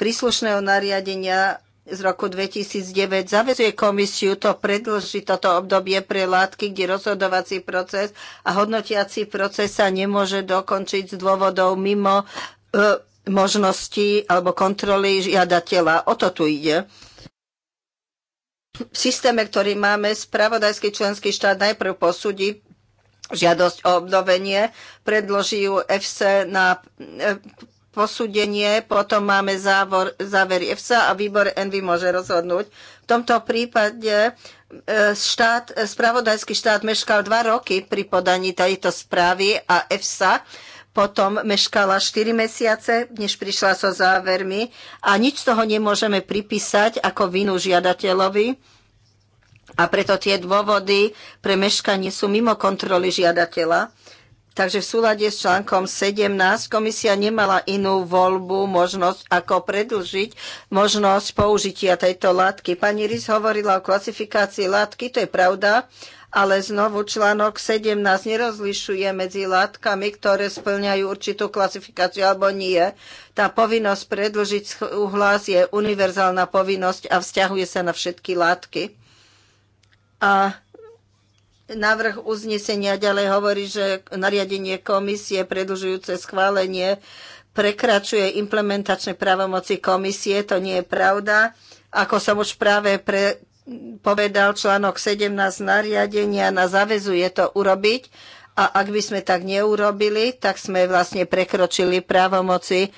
príslušného nariadenia z roku 2009 zavezuje komisiu to predlžiť toto obdobie pre látky, kde rozhodovací proces a hodnotiaci proces sa nemôže dokončiť z dôvodov mimo e, možnosti alebo kontroly žiadateľa. O to tu ide. V systéme, ktorý máme, spravodajský členský štát najprv posúdi žiadosť o obnovenie, predloží ju FC na e, posúdenie, potom máme závor, záver EFSA a výbor ENVY môže rozhodnúť. V tomto prípade e, štát, spravodajský štát meškal dva roky pri podaní tejto správy a EFSA potom meškala 4 mesiace, než prišla so závermi a nič z toho nemôžeme pripísať ako vinu žiadateľovi a preto tie dôvody pre meškanie sú mimo kontroly žiadateľa. Takže v súlade s článkom 17 komisia nemala inú voľbu, možnosť, ako predlžiť možnosť použitia tejto látky. Pani Riz hovorila o klasifikácii látky, to je pravda, ale znovu článok 17 nerozlišuje medzi látkami, ktoré splňajú určitú klasifikáciu alebo nie. Tá povinnosť predlžiť uhlas je univerzálna povinnosť a vzťahuje sa na všetky látky. A návrh uznesenia ďalej hovorí, že nariadenie komisie predlžujúce schválenie prekračuje implementačné právomoci komisie. To nie je pravda. Ako som už práve pre, povedal, článok 17 nariadenia záväzu zavezuje to urobiť. A ak by sme tak neurobili, tak sme vlastne prekročili právomoci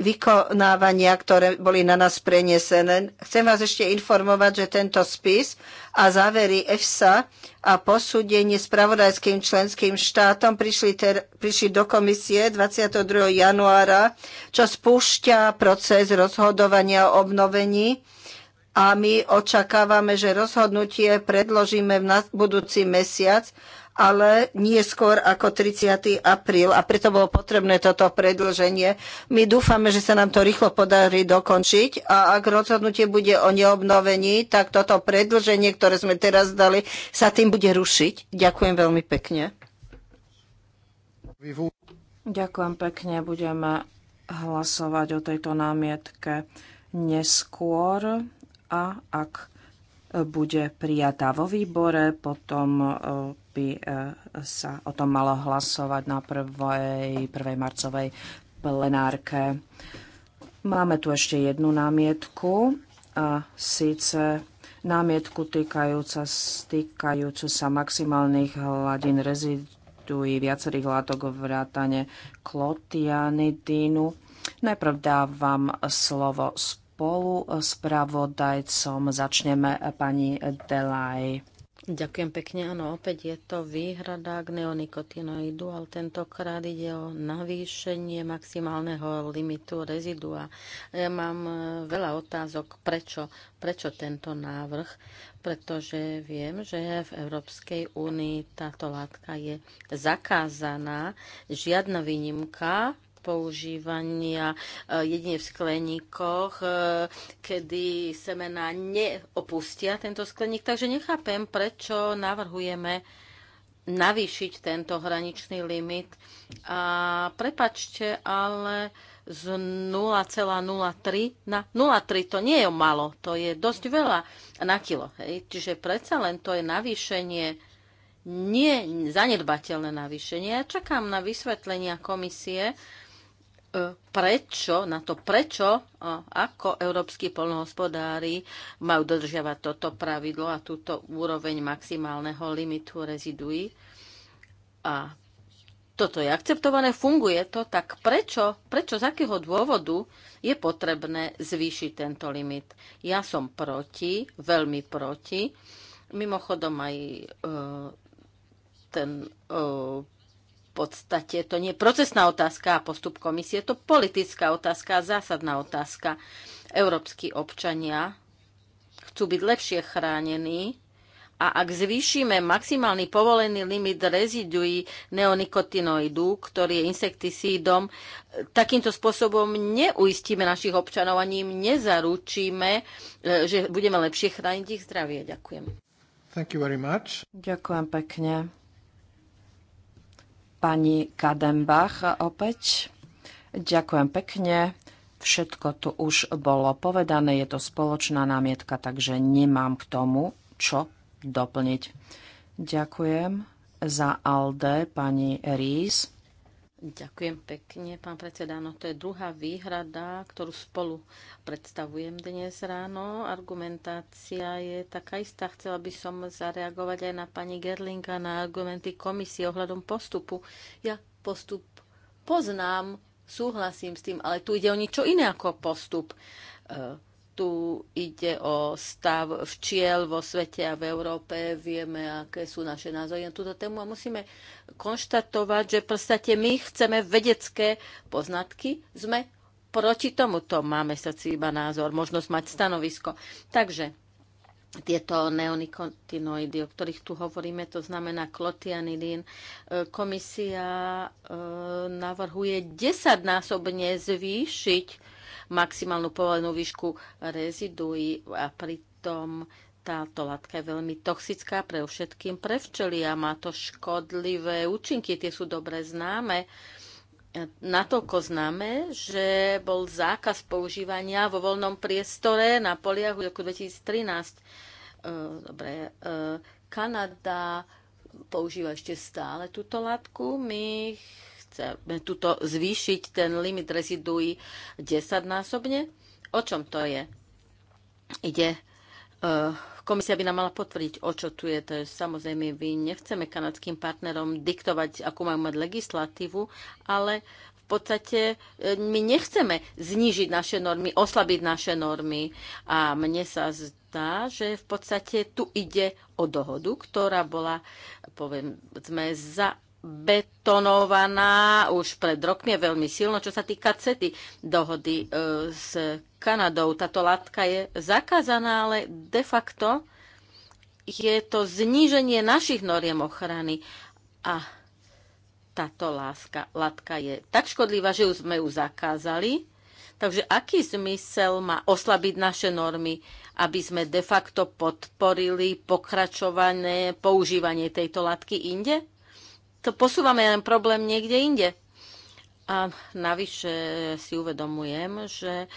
vykonávania, ktoré boli na nás prenesené. Chcem vás ešte informovať, že tento spis a závery EFSA a posúdenie spravodajským členským štátom prišli, ter, prišli do komisie 22. januára, čo spúšťa proces rozhodovania o obnovení a my očakávame, že rozhodnutie predložíme v budúci mesiac ale nie skôr ako 30. apríl a preto bolo potrebné toto predlženie. My dúfame, že sa nám to rýchlo podarí dokončiť a ak rozhodnutie bude o neobnovení, tak toto predlženie, ktoré sme teraz dali, sa tým bude rušiť. Ďakujem veľmi pekne. Ďakujem pekne. Budeme hlasovať o tejto námietke neskôr a ak bude prijatá vo výbore, potom e, by e, sa o tom malo hlasovať na prvej, prvej marcovej plenárke. Máme tu ešte jednu námietku a síce námietku týkajúca, týkajúcu sa maximálnych hladín reziduí viacerých látok vrátane klotianidínu. Najprv dávam slovo spolu spravodajcom. Začneme pani Delaj. Ďakujem pekne. Áno, opäť je to výhrada k neonikotinoidu, ale tentokrát ide o navýšenie maximálneho limitu rezidua. Ja mám e, veľa otázok, prečo, prečo tento návrh, pretože viem, že v Európskej únii táto látka je zakázaná. Žiadna výnimka používania e, jedine v skleníkoch, e, kedy semená neopustia tento skleník. Takže nechápem, prečo navrhujeme navýšiť tento hraničný limit. A prepačte, ale z 0,03 na 0,3 to nie je malo, to je dosť veľa na kilo. Hej. Čiže predsa len to je navýšenie, nie zanedbateľné navýšenie. Ja čakám na vysvetlenia komisie, prečo, na to prečo, ako európsky polnohospodári majú dodržiavať toto pravidlo a túto úroveň maximálneho limitu rezidui. A toto je akceptované, funguje to, tak prečo, prečo z akého dôvodu je potrebné zvýšiť tento limit? Ja som proti, veľmi proti. Mimochodom aj e, ten e, podstate to nie je procesná otázka a postup komisie, je to politická otázka a zásadná otázka. Európsky občania chcú byť lepšie chránení a ak zvýšime maximálny povolený limit reziduí neonikotinoidu, ktorý je insekticídom, takýmto spôsobom neuistíme našich občanov ani im nezaručíme, e, že budeme lepšie chrániť ich zdravie. Ďakujem. Thank you very much. Ďakujem pekne pani Kadembach opäť. Ďakujem pekne. Všetko tu už bolo povedané, je to spoločná námietka, takže nemám k tomu, čo doplniť. Ďakujem za Alde, pani Rís. Ďakujem pekne, pán predseda. No to je druhá výhrada, ktorú spolu predstavujem dnes ráno. Argumentácia je taká istá. Chcela by som zareagovať aj na pani Gerlinga, na argumenty komisie ohľadom postupu. Ja postup poznám, súhlasím s tým, ale tu ide o niečo iné ako postup. E, tu ide o stav včiel vo svete a v Európe. Vieme, aké sú naše názory na túto tému a musíme konštatovať, že v podstate my chceme vedecké poznatky. Sme proti tomuto. Máme sa iba názor, možnosť mať stanovisko. Takže tieto neonikotinoidy, o ktorých tu hovoríme, to znamená klotianidín. E, komisia e, navrhuje desaťnásobne zvýšiť maximálnu povolenú výšku reziduí a pritom táto látka je veľmi toxická pre všetkým pre včely a má to škodlivé účinky, tie sú dobre známe. Natoľko známe, že bol zákaz používania vo voľnom priestore na poliach v roku 2013. E, dobre, e, Kanada používa ešte stále túto látku. My chceme tuto zvýšiť ten limit rezidují 10 násobne. O čom to je? Ide eh, Komisia by nám mala potvrdiť, o čo tu je. To je samozrejme, my nechceme kanadským partnerom diktovať, akú majú mať legislatívu, ale v podstate eh, my nechceme znížiť naše normy, oslabiť naše normy. A mne sa zdá, že v podstate tu ide o dohodu, ktorá bola, poviem, sme za betonovaná už pred rokmi je veľmi silno, čo sa týka CETY dohody e, s Kanadou. Táto látka je zakázaná, ale de facto je to zníženie našich noriem ochrany. A táto láska, látka je tak škodlivá, že už sme ju zakázali. Takže aký zmysel má oslabiť naše normy, aby sme de facto podporili pokračovanie používanie tejto látky inde? to posúvame len problém niekde inde. A navyše si uvedomujem, že e,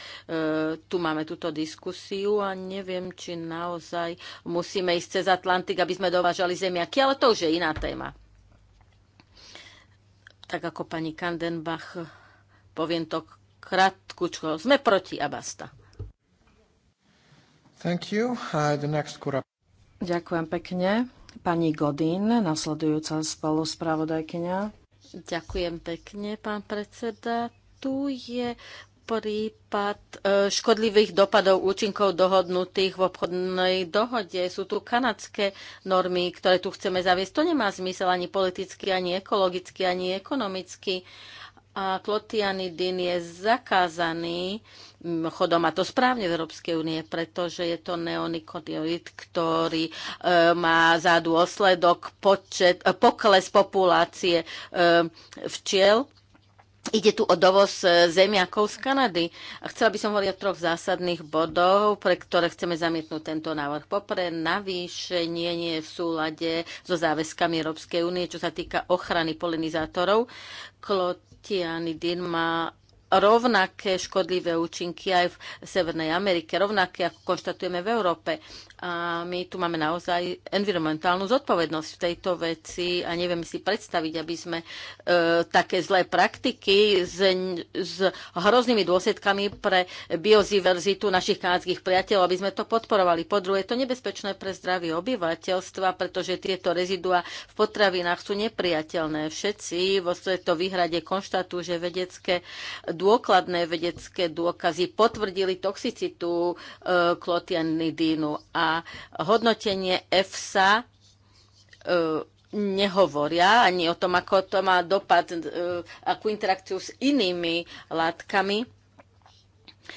tu máme túto diskusiu a neviem, či naozaj musíme ísť cez Atlantik, aby sme dovážali zemiaky, ale to už je iná téma. Tak ako pani Kandenbach, poviem to krátkučko, sme proti a basta. Thank you. Uh, the next... Ďakujem pekne. Pani Godin nasledujúca spoluspravodajkynia. Ďakujem pekne, pán predseda. Tu je prípad e, škodlivých dopadov účinkov dohodnutých v obchodnej dohode. Sú tu kanadské normy, ktoré tu chceme zaviesť. To nemá zmysel ani politicky, ani ekologicky, ani ekonomicky a klotianidín je zakázaný chodom a to správne v Európskej únie, pretože je to neonikotinoid, ktorý e, má za dôsledok počet, e, pokles populácie e, včiel. Ide tu o dovoz e, zemiakov z Kanady. A chcela by som hovoriť o troch zásadných bodov, pre ktoré chceme zamietnúť tento návrh. Popre navýšenie nie je v súlade so záväzkami Európskej únie, čo sa týka ochrany polinizátorov. Klot ni Din má rovnaké škodlivé účinky aj v Severnej Amerike, rovnaké ako konštatujeme v Európe. A my tu máme naozaj environmentálnu zodpovednosť v tejto veci a neviem si predstaviť, aby sme e, také zlé praktiky s, s hroznými dôsledkami pre bioziverzitu našich kanadských priateľov, aby sme to podporovali. Po druhé, je to nebezpečné pre zdravie obyvateľstva, pretože tieto rezidua v potravinách sú nepriateľné. Všetci vo sveto výhrade konštatujú, že vedecké dôsledky dôkladné vedecké dôkazy potvrdili toxicitu e, klotianidínu a hodnotenie EFSA e, nehovoria ani o tom, ako to má dopad, e, akú interakciu s inými látkami.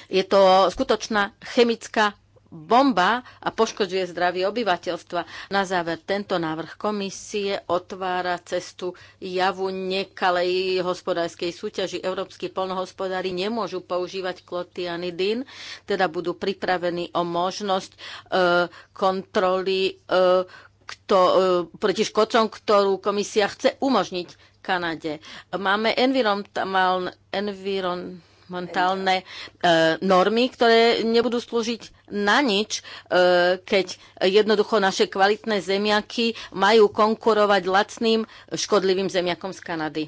Je to skutočná chemická bomba a poškodzuje zdravie obyvateľstva. Na záver, tento návrh komisie otvára cestu javu nekalej hospodárskej súťaži. Európsky polnohospodári nemôžu používať klotianidín, teda budú pripravení o možnosť e, kontroly e, kto, e, proti škodcom, ktorú komisia chce umožniť Kanade. Máme environmentálne environ, Mentálne e, normy, ktoré nebudú slúžiť na nič, e, keď jednoducho naše kvalitné zemiaky majú konkurovať lacným škodlivým zemiakom z Kanady.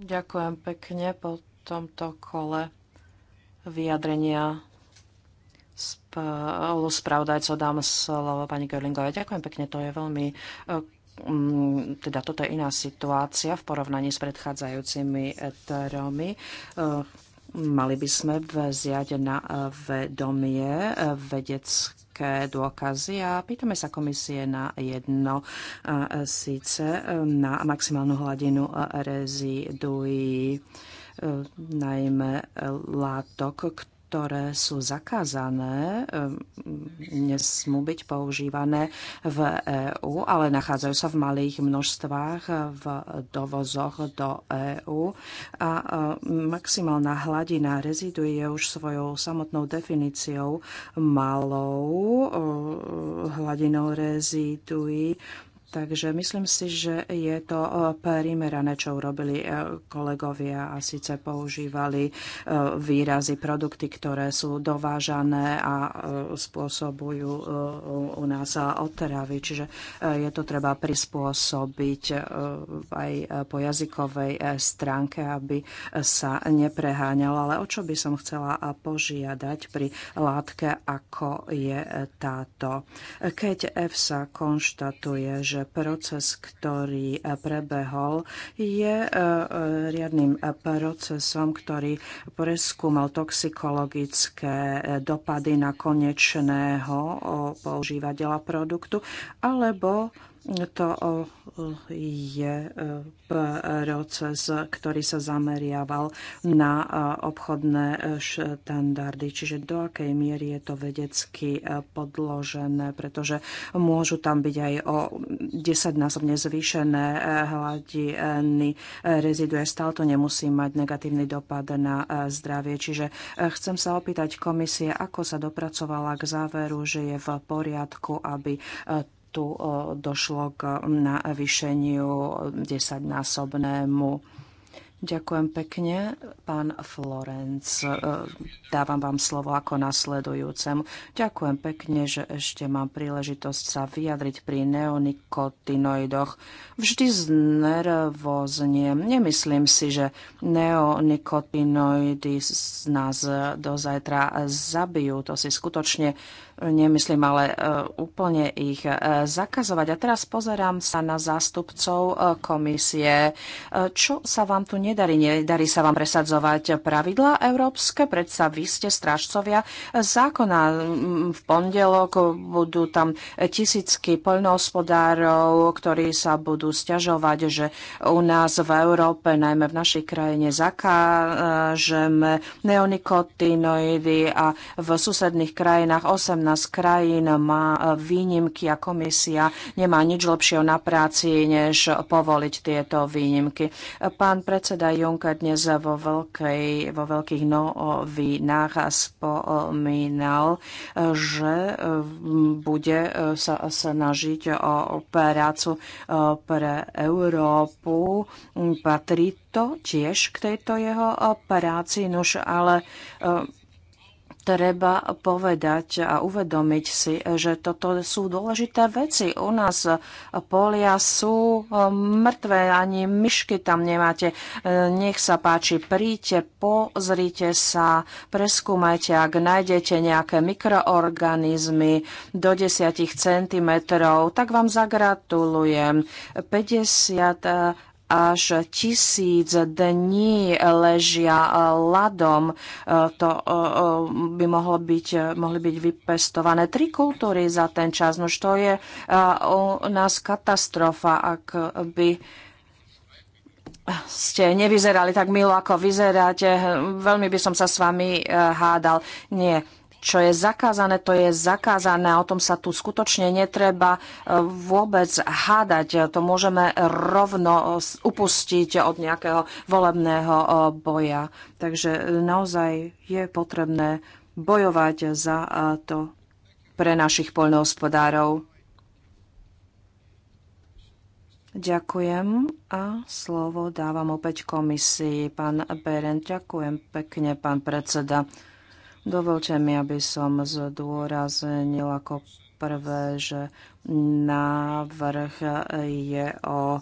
Ďakujem pekne po tomto kole vyjadrenia spravodajco dám slovo pani Görlingovej. Ďakujem pekne, to je veľmi e, Mm, teda toto je iná situácia v porovnaní s predchádzajúcimi e, tromi. E, mali by sme vziať na e, vedomie vedecké dôkazy a pýtame sa komisie na jedno, síce na maximálnu hladinu reziduí najmä látok, ktoré sú zakázané, ehm, nesmú byť používané v EÚ, ale nachádzajú sa v malých množstvách eh, v dovozoch do EÚ. A ehm, maximálna hladina reziduje je už svojou samotnou definíciou malou eh, hladinou reziduí Takže myslím si, že je to e, primerané, čo urobili e, kolegovia a síce používali e, výrazy, produkty, ktoré sú dovážané a spôsobujú u nás otravy. Čiže je to treba prispôsobiť aj po jazykovej stránke, aby sa nepreháňalo. Ale o čo by som chcela požiadať pri látke, ako je táto. Keď EFSA konštatuje, že proces, ktorý eh, prebehol, je eh, eh, riadným procesom, ktorý preskúmal toxikologické dopady na konečného používateľa produktu alebo to je eh, proces, ktorý sa zameriaval na eh, obchodné eh, štandardy, čiže do akej miery je to vedecky podložené, pretože môžu tam byť aj o 10-násobne zvýšené hladiny reziduje. Stále to nemusí mať negatívny dopad na zdravie. Čiže chcem sa opýtať komisie, ako sa dopracovala k záveru, že je v poriadku, aby tu e, došlo k navýšeniu desaťnásobnému. Ďakujem pekne, pán Florenc. E, dávam vám slovo ako nasledujúcemu. Ďakujem pekne, že ešte mám príležitosť sa vyjadriť pri neonikotinoidoch. Vždy znervoznem. Nemyslím si, že neonikotinoidy z nás do zajtra zabijú. To si skutočne nemyslím ale e, úplne ich e, zakazovať. A teraz pozerám sa na zástupcov e, komisie. Čo sa vám tu nedarí? Nedarí sa vám presadzovať pravidlá európske? Predsa vy ste strážcovia zákona. Mm, v pondelok budú tam tisícky poľnohospodárov, ktorí sa budú stiažovať, že u nás v Európe, najmä v našej krajine, zakážeme neonikotinoidy a v susedných krajinách 18 krajín má výnimky a komisia nemá nič lepšieho na práci, než povoliť tieto výnimky. Pán predseda Juncker dnes vo, veľkej, vo veľkých novinách spomínal, že bude sa snažiť o prácu e, pre Európu. Patrí to tiež k tejto jeho práci, nož ale e, treba povedať a uvedomiť si, že toto sú dôležité veci. U nás polia sú e, mŕtve, ani myšky tam nemáte. E, nech sa páči, príďte, pozrite sa, preskúmajte, ak nájdete nejaké mikroorganizmy do 10 cm, tak vám zagratulujem. 50 až tisíc dní ležia ladom. To eh, eh, by mohlo byť, mohli byť vypestované tri kultúry za ten čas. Nož to je eh, u nás katastrofa, ak by ste nevyzerali tak milo, ako vyzeráte. Hm, veľmi by som sa s vami hádal. Nie, čo je zakázané, to je zakázané. O tom sa tu skutočne netreba e, vôbec hádať. To môžeme rovno e, upustiť od nejakého volebného e, boja. Takže naozaj je potrebné bojovať za to pre našich poľnohospodárov. Ďakujem a slovo dávam opäť komisii. Pán Berend, ďakujem pekne, pán predseda. Dovolte mi, aby som zdôraznil ako prvé, že návrh je o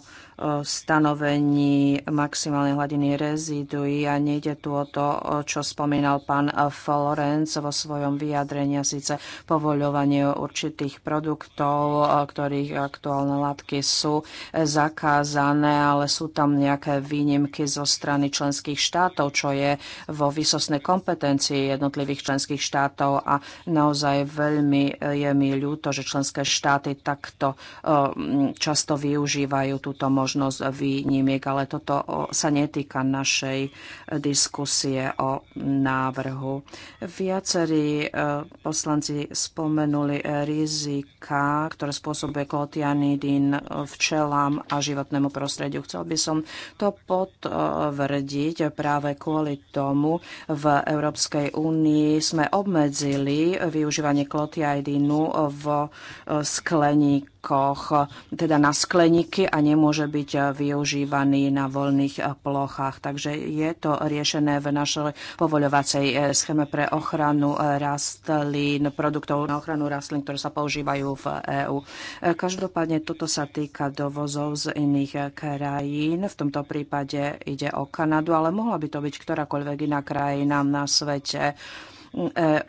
stanovení maximálnej hladiny rezidují a nejde tu o to, čo spomínal pán Florenc vo svojom vyjadrení, síce povoľovanie určitých produktov, ktorých aktuálne látky sú zakázané, ale sú tam nejaké výnimky zo strany členských štátov, čo je vo vysosnej kompetencii jednotlivých členských štátov a naozaj veľmi je mi ľúto, že členské štáty takto eh, často využívajú túto možnosť výnimiek, ale toto sa netýka našej eh, diskusie o návrhu. Viacerí eh, poslanci spomenuli rizika, ktoré spôsobuje klotianidín včelám a životnému prostrediu. Chcel by som to potvrdiť práve kvôli tomu v Európskej únii sme obmedzili využívanie klotiaidínu v skle skleníkoch, teda na skleníky a nemôže byť využívaný na voľných eh, plochách. Takže je to riešené v našej povoľovacej eh, scheme pre ochranu eh, rastlín, produktov na ochranu rastlín, ktoré sa používajú v EÚ. Každopádne toto sa týka dovozov z iných krajín. V tomto prípade ide o Kanadu, ale mohla by to byť ktorákoľvek iná krajina na svete.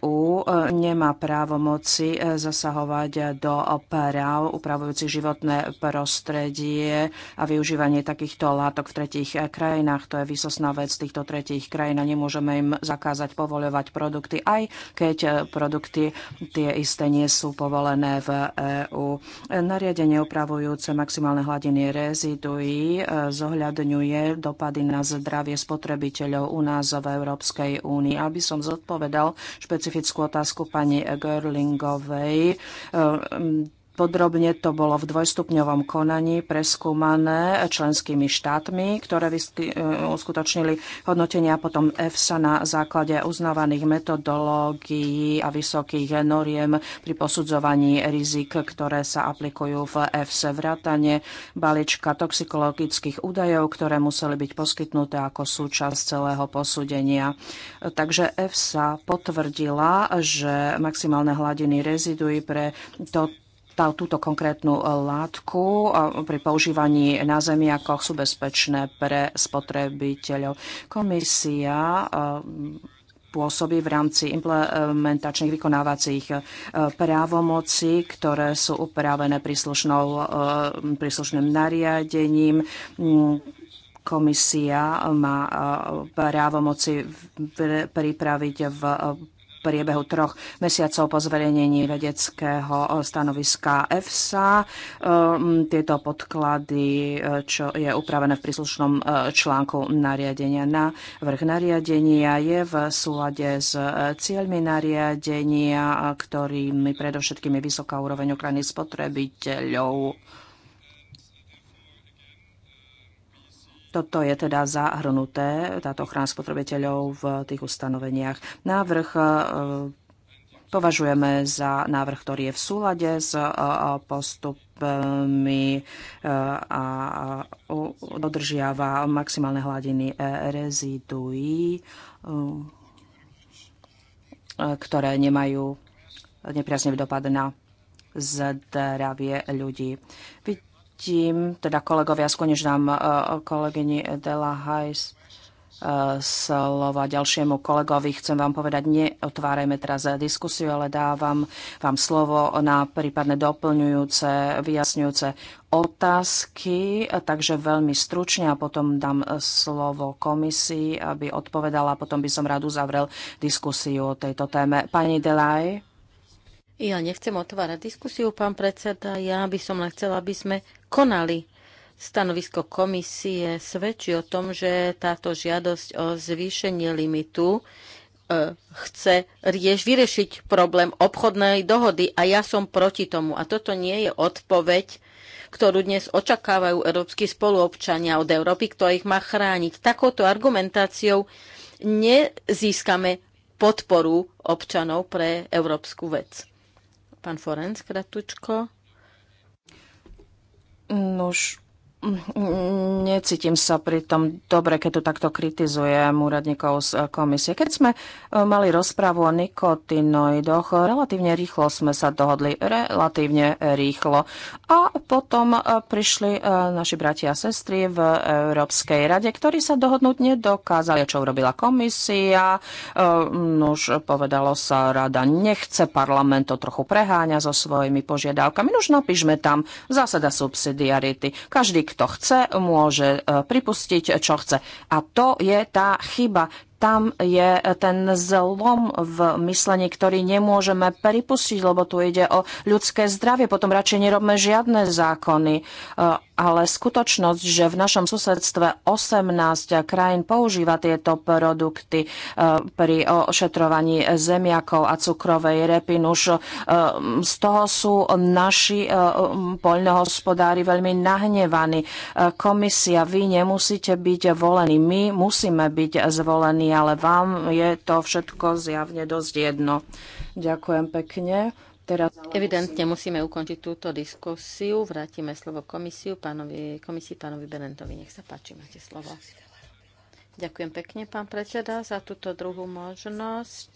EÚ e, nemá právo moci e, zasahovať do práv upravujúcich životné prostredie a využívanie takýchto látok v tretích krajinách. To je výsosná vec týchto tretích krajín a nemôžeme im zakázať povoľovať produkty, aj keď produkty tie isté nie sú povolené v EÚ. Nariadenie upravujúce maximálne hladiny rezidují e, zohľadňuje dopady na zdravie spotrebiteľov u nás v Európskej únii. Aby som zodpovedal špecifickú otázku pani Görlingovej. Ehm, Podrobne to bolo v dvojstupňovom konaní preskúmané členskými štátmi, ktoré e, uskutočnili hodnotenia potom EFSA na základe uznávaných metodológií a vysokých noriem pri posudzovaní rizik, ktoré sa aplikujú v EFSA vrátane balíčka toxikologických údajov, ktoré museli byť poskytnuté ako súčasť celého posúdenia. Takže EFSA potvrdila, že maximálne hladiny reziduí pre toto tá, túto konkrétnu e, látku e, pri používaní na Zemi ako sú bezpečné pre spotrebiteľov. Komisia e, pôsobí v rámci implementačných vykonávacích právomocí, ktoré sú upravené príslušným nariadením komisia má právomoci pripraviť v priebehu troch mesiacov po zverejnení vedeckého eh, stanoviska EFSA. Ehm, tieto podklady, eh, čo je upravené v príslušnom eh, článku nariadenia na vrch nariadenia, je v súlade s cieľmi nariadenia, ktorými predovšetkým je vysoká úroveň ochrany spotrebiteľov. Toto je teda zahrnuté, táto ochrana spotrebiteľov v tých ustanoveniach. Návrh e, považujeme za návrh, ktorý je v súlade s e, postupmi e, a dodržiava maximálne hladiny reziduí, ktoré nemajú nepriaznivý dopad na zdravie ľudí. Tím, teda kolegovia, skôr dám e, kolegyni Dela Hajs e, slova ďalšiemu kolegovi. Chcem vám povedať, neotvárajme teraz diskusiu, ale dávam vám slovo na prípadne doplňujúce, vyjasňujúce otázky, takže veľmi stručne a potom dám slovo komisii, aby odpovedala a potom by som rád uzavrel diskusiu o tejto téme. Pani Delaj? Ja nechcem otvárať diskusiu, pán predseda. Ja by som len chcela, aby sme konali. Stanovisko komisie svedčí o tom, že táto žiadosť o zvýšenie limitu e, chce rieš, vyriešiť problém obchodnej dohody a ja som proti tomu. A toto nie je odpoveď, ktorú dnes očakávajú európsky spoluobčania od Európy, ktorá ich má chrániť. Takouto argumentáciou nezískame podporu občanov pre európsku vec. Pán Forenc, kratučko nož necítim sa pri tom dobre, keď tu takto kritizujem úradníkov z komisie. Keď sme e, mali rozprávu o nikotinoidoch, relatívne rýchlo sme sa dohodli, relatívne rýchlo. A potom e, prišli e, naši bratia a sestry v Európskej rade, ktorí sa dohodnúť nedokázali, čo urobila komisia. Už povedalo sa, rada nechce, parlament to trochu preháňa so svojimi požiadavkami. Už napíšme tam zásada subsidiarity. Každý, kto chce, môže e, pripustiť, čo chce. A to je tá chyba. Tam je e, ten zlom v myslení, ktorý nemôžeme pripustiť, lebo tu ide o ľudské zdravie. Potom radšej nerobme žiadne zákony. E, ale skutočnosť, že v našom susedstve 18 krajín používa tieto produkty e, pri ošetrovaní zemiakov a cukrovej repy, už e, z toho sú naši e, poľnohospodári veľmi nahnevaní. Komisia, vy nemusíte byť volení, my musíme byť zvolení, ale vám je to všetko zjavne dosť jedno. Ďakujem pekne. Teraz... Evidentne musíme ukončiť túto diskusiu. Vrátime slovo komisiu, pánovi, komisii pánovi Benentovi. Nech sa páči, máte slovo. Ďakujem pekne, pán predseda, za túto druhú možnosť.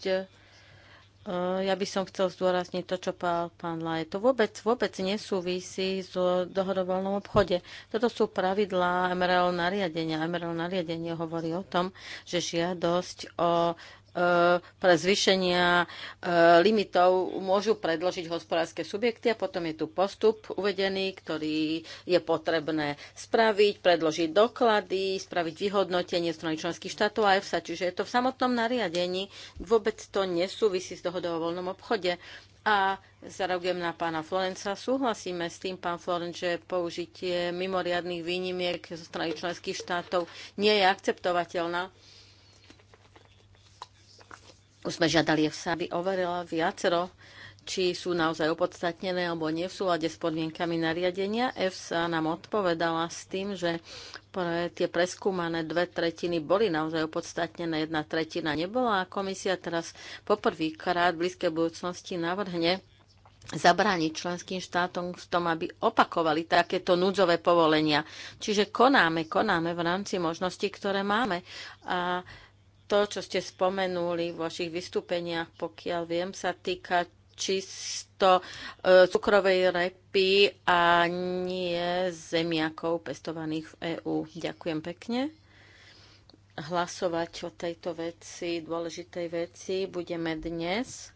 Eh, ja by som chcel zdôrazniť to, čo pál pán Laje. To vôbec, vôbec nesúvisí s dohodovoľnom obchode. Toto sú pravidlá MRL nariadenia. MRL nariadenie hovorí o tom, že žiadosť o E, pre zvýšenia e, limitov môžu predložiť hospodárske subjekty a potom je tu postup uvedený, ktorý je potrebné spraviť, predložiť doklady, spraviť vyhodnotenie strany členských štátov a EFSA, čiže je to v samotnom nariadení, vôbec to nesúvisí s dohodou o voľnom obchode. A zareagujem na pána Florenca. Súhlasíme s tým, pán Florenc, že použitie mimoriadných výnimiek zo strany členských štátov nie je akceptovateľná už sme žiadali EFSA, aby overila viacero či sú naozaj opodstatnené alebo nie v súlade s podmienkami nariadenia. EFSA nám odpovedala s tým, že pre tie preskúmané dve tretiny boli naozaj opodstatnené, jedna tretina nebola a komisia teraz poprvýkrát v blízkej budúcnosti navrhne zabrániť členským štátom v tom, aby opakovali takéto núdzové povolenia. Čiže konáme, konáme v rámci možností, ktoré máme. A to, čo ste spomenuli v vašich vystúpeniach, pokiaľ viem, sa týka čisto e, cukrovej repy a nie zemiakov pestovaných v EÚ. Ďakujem pekne. Hlasovať o tejto veci, dôležitej veci, budeme dnes.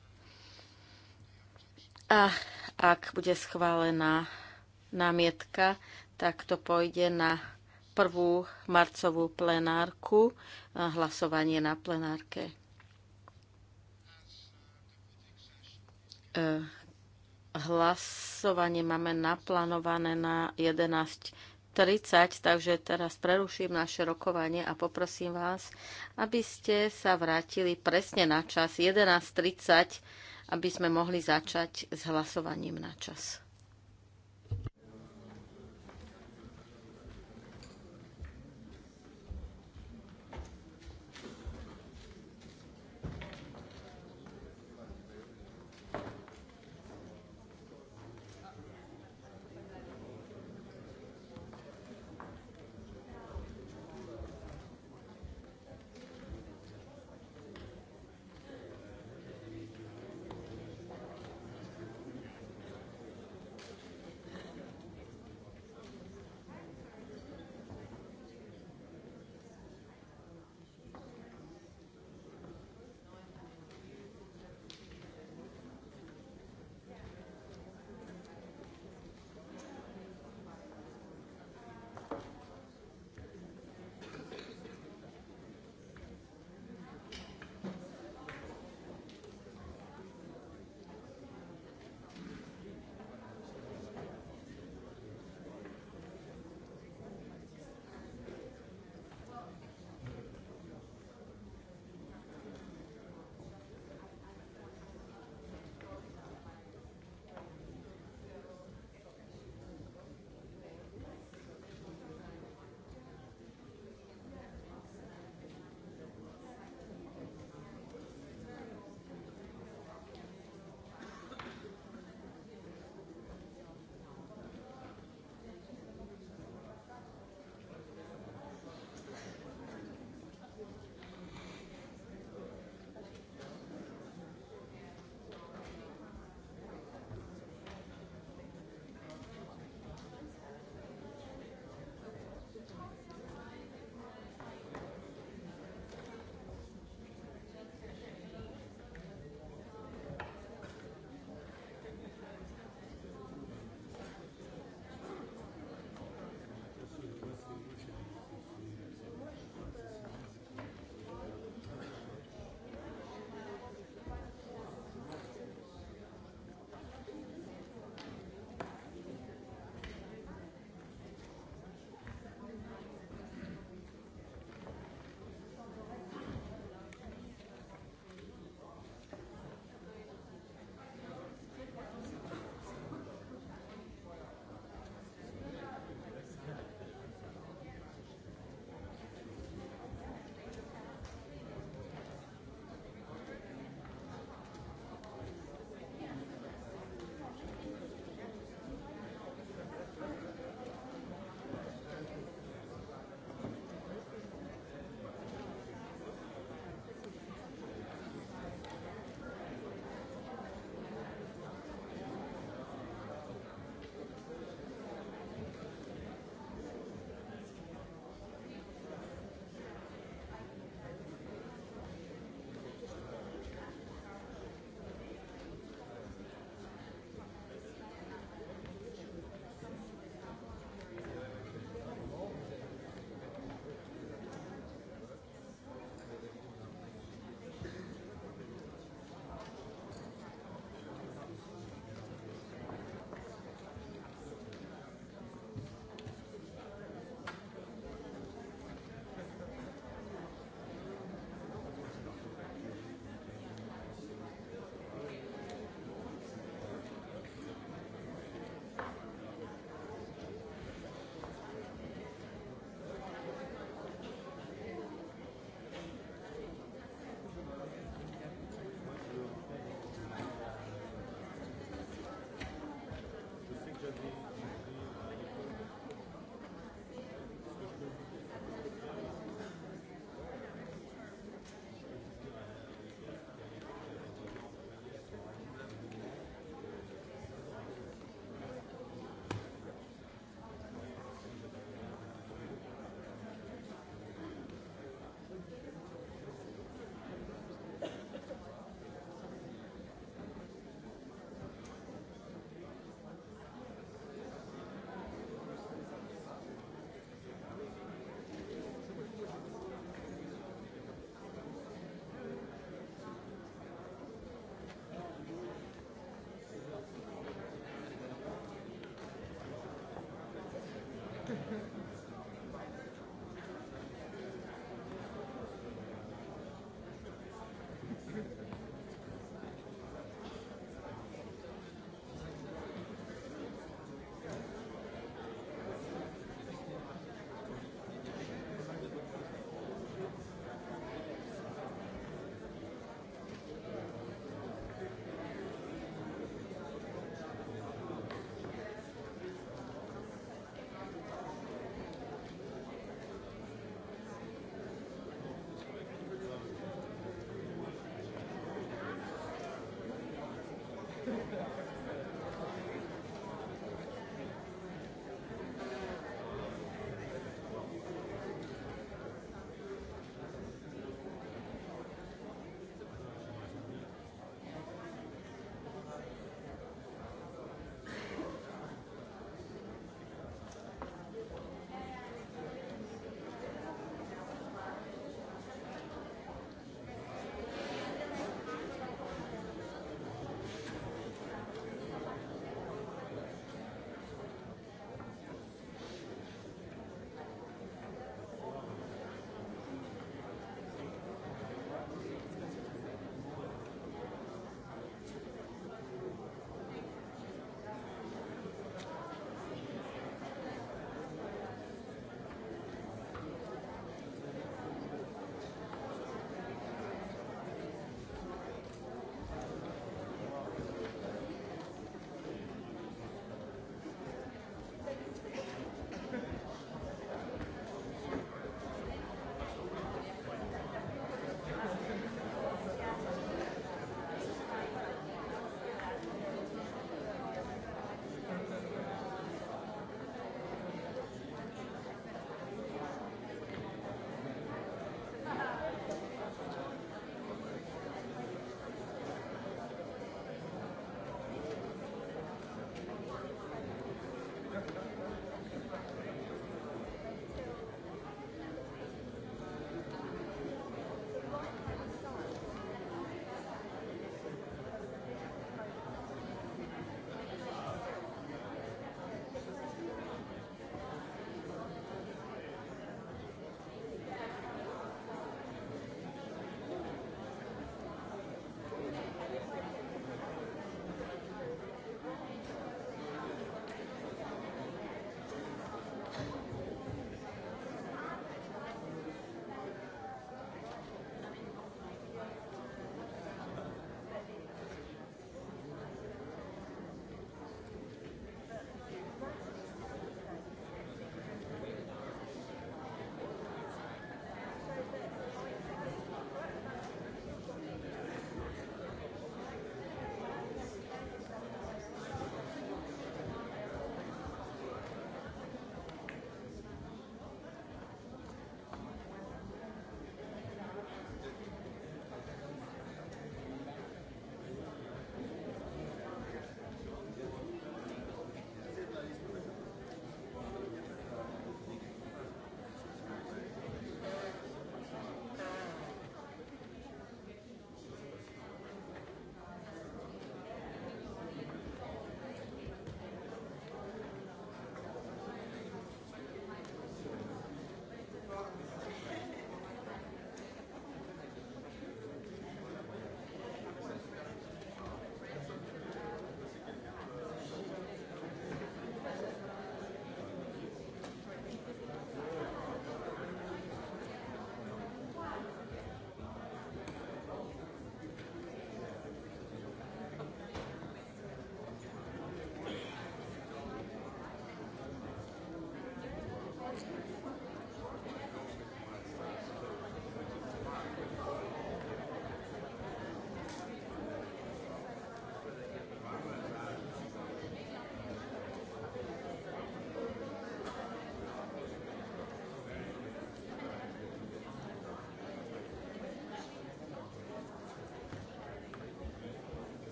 A ak bude schválená námietka, tak to pôjde na prvú marcovú plenárku na hlasovanie na plenárke. E, hlasovanie máme naplánované na 11.30, takže teraz preruším naše rokovanie a poprosím vás, aby ste sa vrátili presne na čas 11.30, aby sme mohli začať s hlasovaním na čas.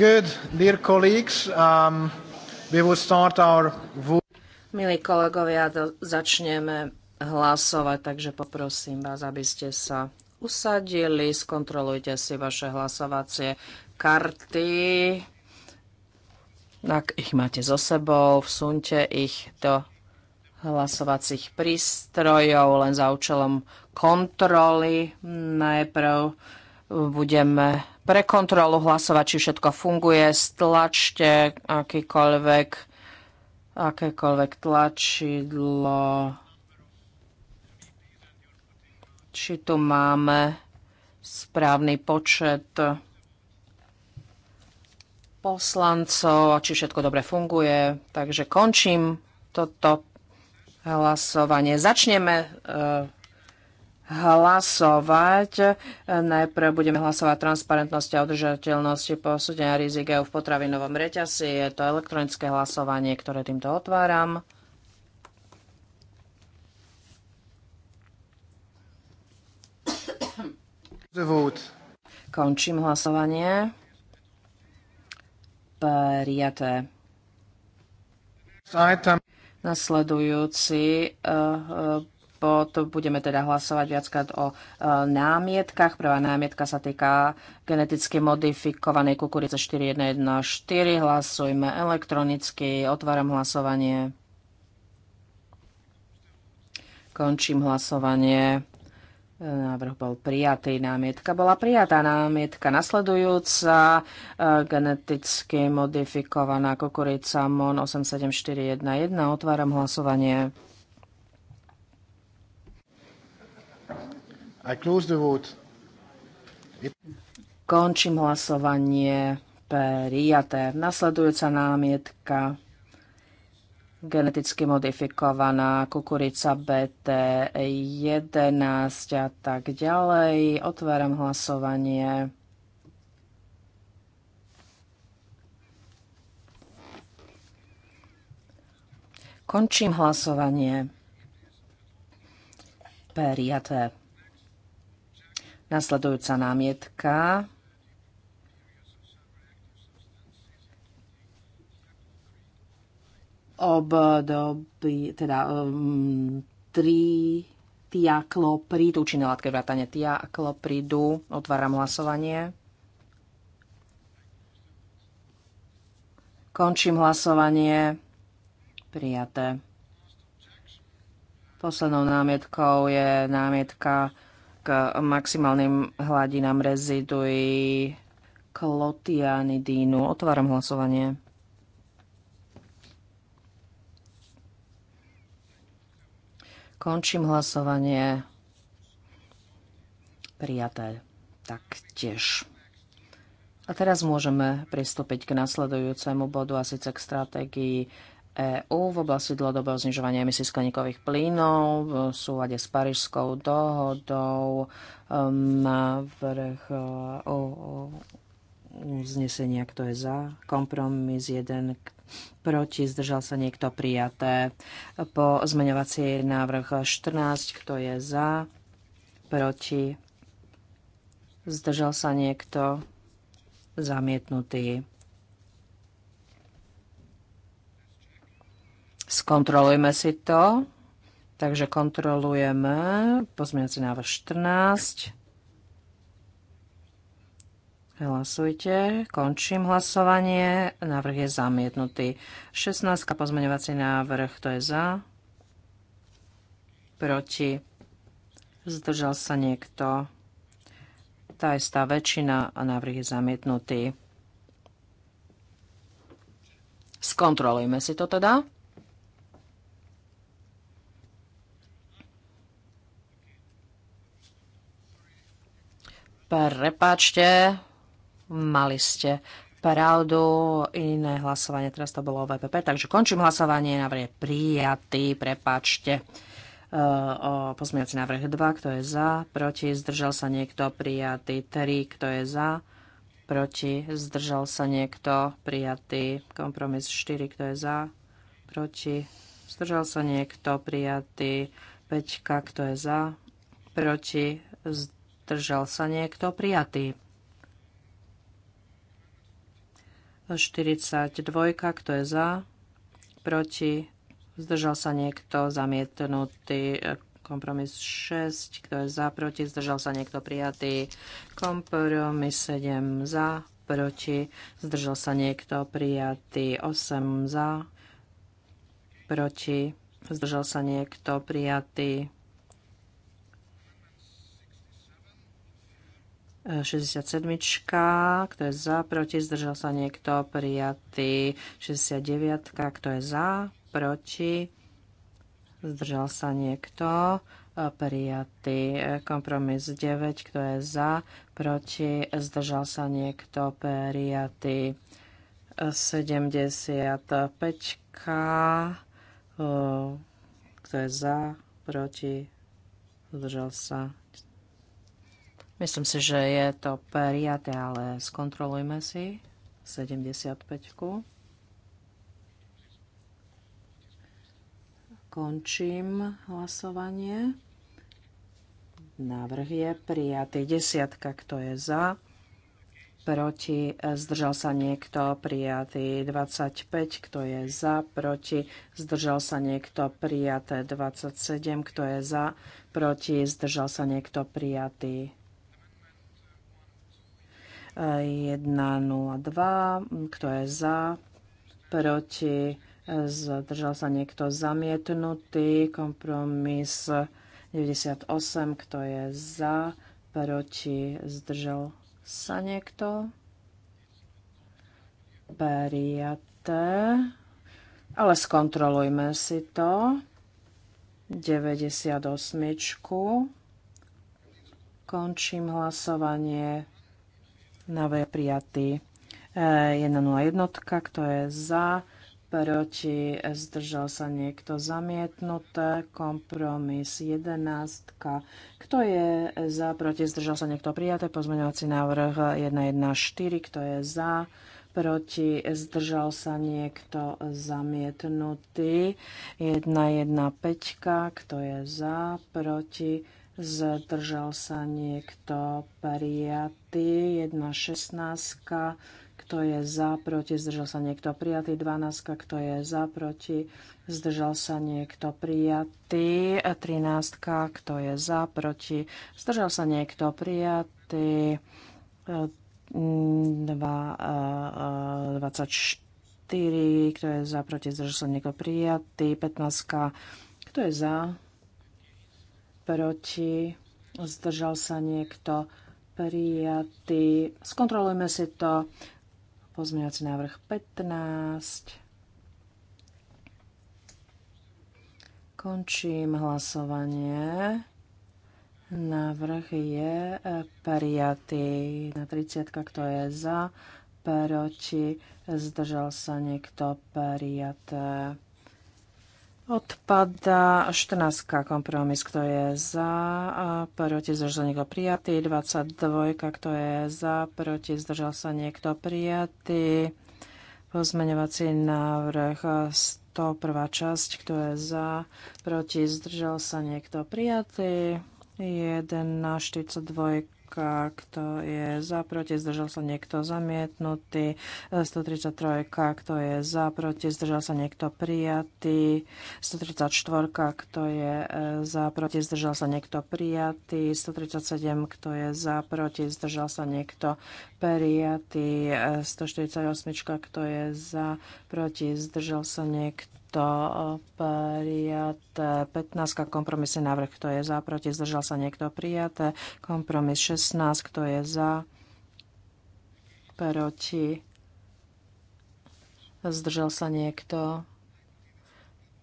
Good, dear colleagues, um, we will start our... Milí kolegovia, začneme hlasovať, takže poprosím vás, aby ste sa usadili, skontrolujte si vaše hlasovacie karty. Ak ich máte so sebou, vsunte ich do hlasovacích prístrojov len za účelom kontroly. Najprv budeme pre kontrolu hlasovať, či všetko funguje. Stlačte akýkoľvek, akékoľvek tlačidlo. Či tu máme správny počet poslancov a či všetko dobre funguje. Takže končím toto hlasovanie. Začneme eh, hlasovať. Najprv budeme hlasovať transparentnosť a udržateľnosti posúdenia rizik e v potravinovom reťasi. Je to elektronické hlasovanie, ktoré týmto otváram. Končím hlasovanie. Prijaté. Nasledujúci eh, eh, potom budeme teda hlasovať viackrát o e, námietkach. Prvá námietka sa týka geneticky modifikovanej kukurice 4114. Hlasujme elektronicky. Otváram hlasovanie. Končím hlasovanie. E, návrh bol prijatý, námietka bola prijatá. Námietka nasledujúca, e, geneticky modifikovaná kukurica MON 87411. Otváram hlasovanie. I close the vote. It... Končím hlasovanie. Prijaté. Nasledujúca námietka. Geneticky modifikovaná kukurica BT11 a tak ďalej. Otváram hlasovanie. Končím hlasovanie. Prijaté. Nasledujúca námietka. období, teda um, tri tiakloprid, účinné látke vrátane tiaklopridu. Otváram hlasovanie. Končím hlasovanie. Prijaté. Poslednou námietkou je námietka k maximálnym hladinám reziduí klotianidínu. Otváram hlasovanie. Končím hlasovanie. Prijaté. tiež. A teraz môžeme pristúpiť k nasledujúcemu bodu a síce k stratégii EÚ v oblasti dlhodobého znižovania emisí skleníkových plynov v súlade s Parížskou dohodou na ehm, vrch e, uznesenia, kto je za, kompromis 1, proti, zdržal sa niekto prijaté. Po zmeňovací návrh 14, kto je za, proti, zdržal sa niekto zamietnutý. Skontrolujeme si to. Takže kontrolujeme si návrh 14. Hlasujte. Končím hlasovanie. Návrh je zamietnutý. 16. Pozmeňovací návrh. Kto je za? Proti? Zdržal sa niekto? Tá istá väčšina a návrh je zamietnutý. Skontrolujme si to teda. Prepáčte, mali ste pravdu, iné hlasovanie, teraz to bolo o VPP, takže končím hlasovanie, návrh je prijatý, prepáčte e, o pozmeňovací návrh 2, kto je za, proti, zdržal sa niekto, prijatý 3, kto je za, proti, zdržal sa niekto, prijatý kompromis 4, kto je za, proti, zdržal sa niekto, prijatý 5, kto je za, proti, zdržal zdržal sa niekto, prijatý. 42, kto je za, proti, zdržal sa niekto, zamietnutý. Kompromis 6, kto je za, proti, zdržal sa niekto, prijatý. Kompromis 7, za, proti, zdržal sa niekto, prijatý. 8, za, proti, zdržal sa niekto, prijatý. 67. Kto je za? Proti? Zdržal sa niekto? Prijatý. 69. E, kto je za? Proti? Zdržal sa niekto? Prijatý. Kompromis 9. E, kto je za? Proti? Zdržal sa niekto? Prijatý. 75. Kto je za? Proti? Zdržal sa Myslím si, že je to prijaté, ale skontrolujme si 75. -ku. Končím hlasovanie. Návrh je prijatý. Desiatka, kto je za? proti, zdržal sa niekto, prijatý 25, kto je za, proti, zdržal sa niekto, prijaté 27, kto je za, proti, zdržal sa niekto, prijatý 1.02. Kto je za? Proti? Zdržal sa niekto zamietnutý. Kompromis 98. Kto je za? Proti? Zdržal sa niekto? Prijaté. Ale skontrolujme si to. 98. Končím hlasovanie. Návrh je prijatý. 101, e, kto je za, proti, zdržal sa niekto zamietnuté. Kompromis 11, kto je za, proti, zdržal sa niekto prijaté. Pozmeňovací návrh 114, kto je za, proti, zdržal sa niekto zamietnutý. 115, kto je za, proti, zdržal sa niekto prijatý, 1 16, kto je za, proti, zdržal sa niekto prijatý, 12, kto je za, proti, zdržal sa niekto prijatý, 13, kto je za, proti, zdržal sa niekto prijatý, 2, 24, eh, eh, kto je za, proti, zdržal sa niekto prijatý, 15, kto je za, proti, zdržal sa niekto prijatý. Skontrolujme si to. Pozmeňovací návrh 15. Končím hlasovanie. Návrh je e, prijatý. Na 30, kto je za, proti, zdržal sa niekto prijaté. Odpada 14. kompromis, kto je za, proti zdržal niekto prijatý. 22. kto je za, proti zdržal sa niekto prijatý. Pozmeňovací návrh 101. časť, kto je za, proti zdržal sa niekto prijatý. 1 na 42 kto je za, proti, zdržal sa niekto zamietnutý. 133, kto je za, proti, zdržal sa niekto prijatý. 134, e, kto je za, proti, zdržal sa niekto prijatý. 137, e, kto je za, proti, zdržal sa niekto prijatý. 148, kto je za, proti, zdržal sa niekto to prijaté. 15. kompromisný návrh, kto je za, proti, zdržal sa niekto prijaté. Kompromis 16, kto je za, proti, zdržal sa niekto.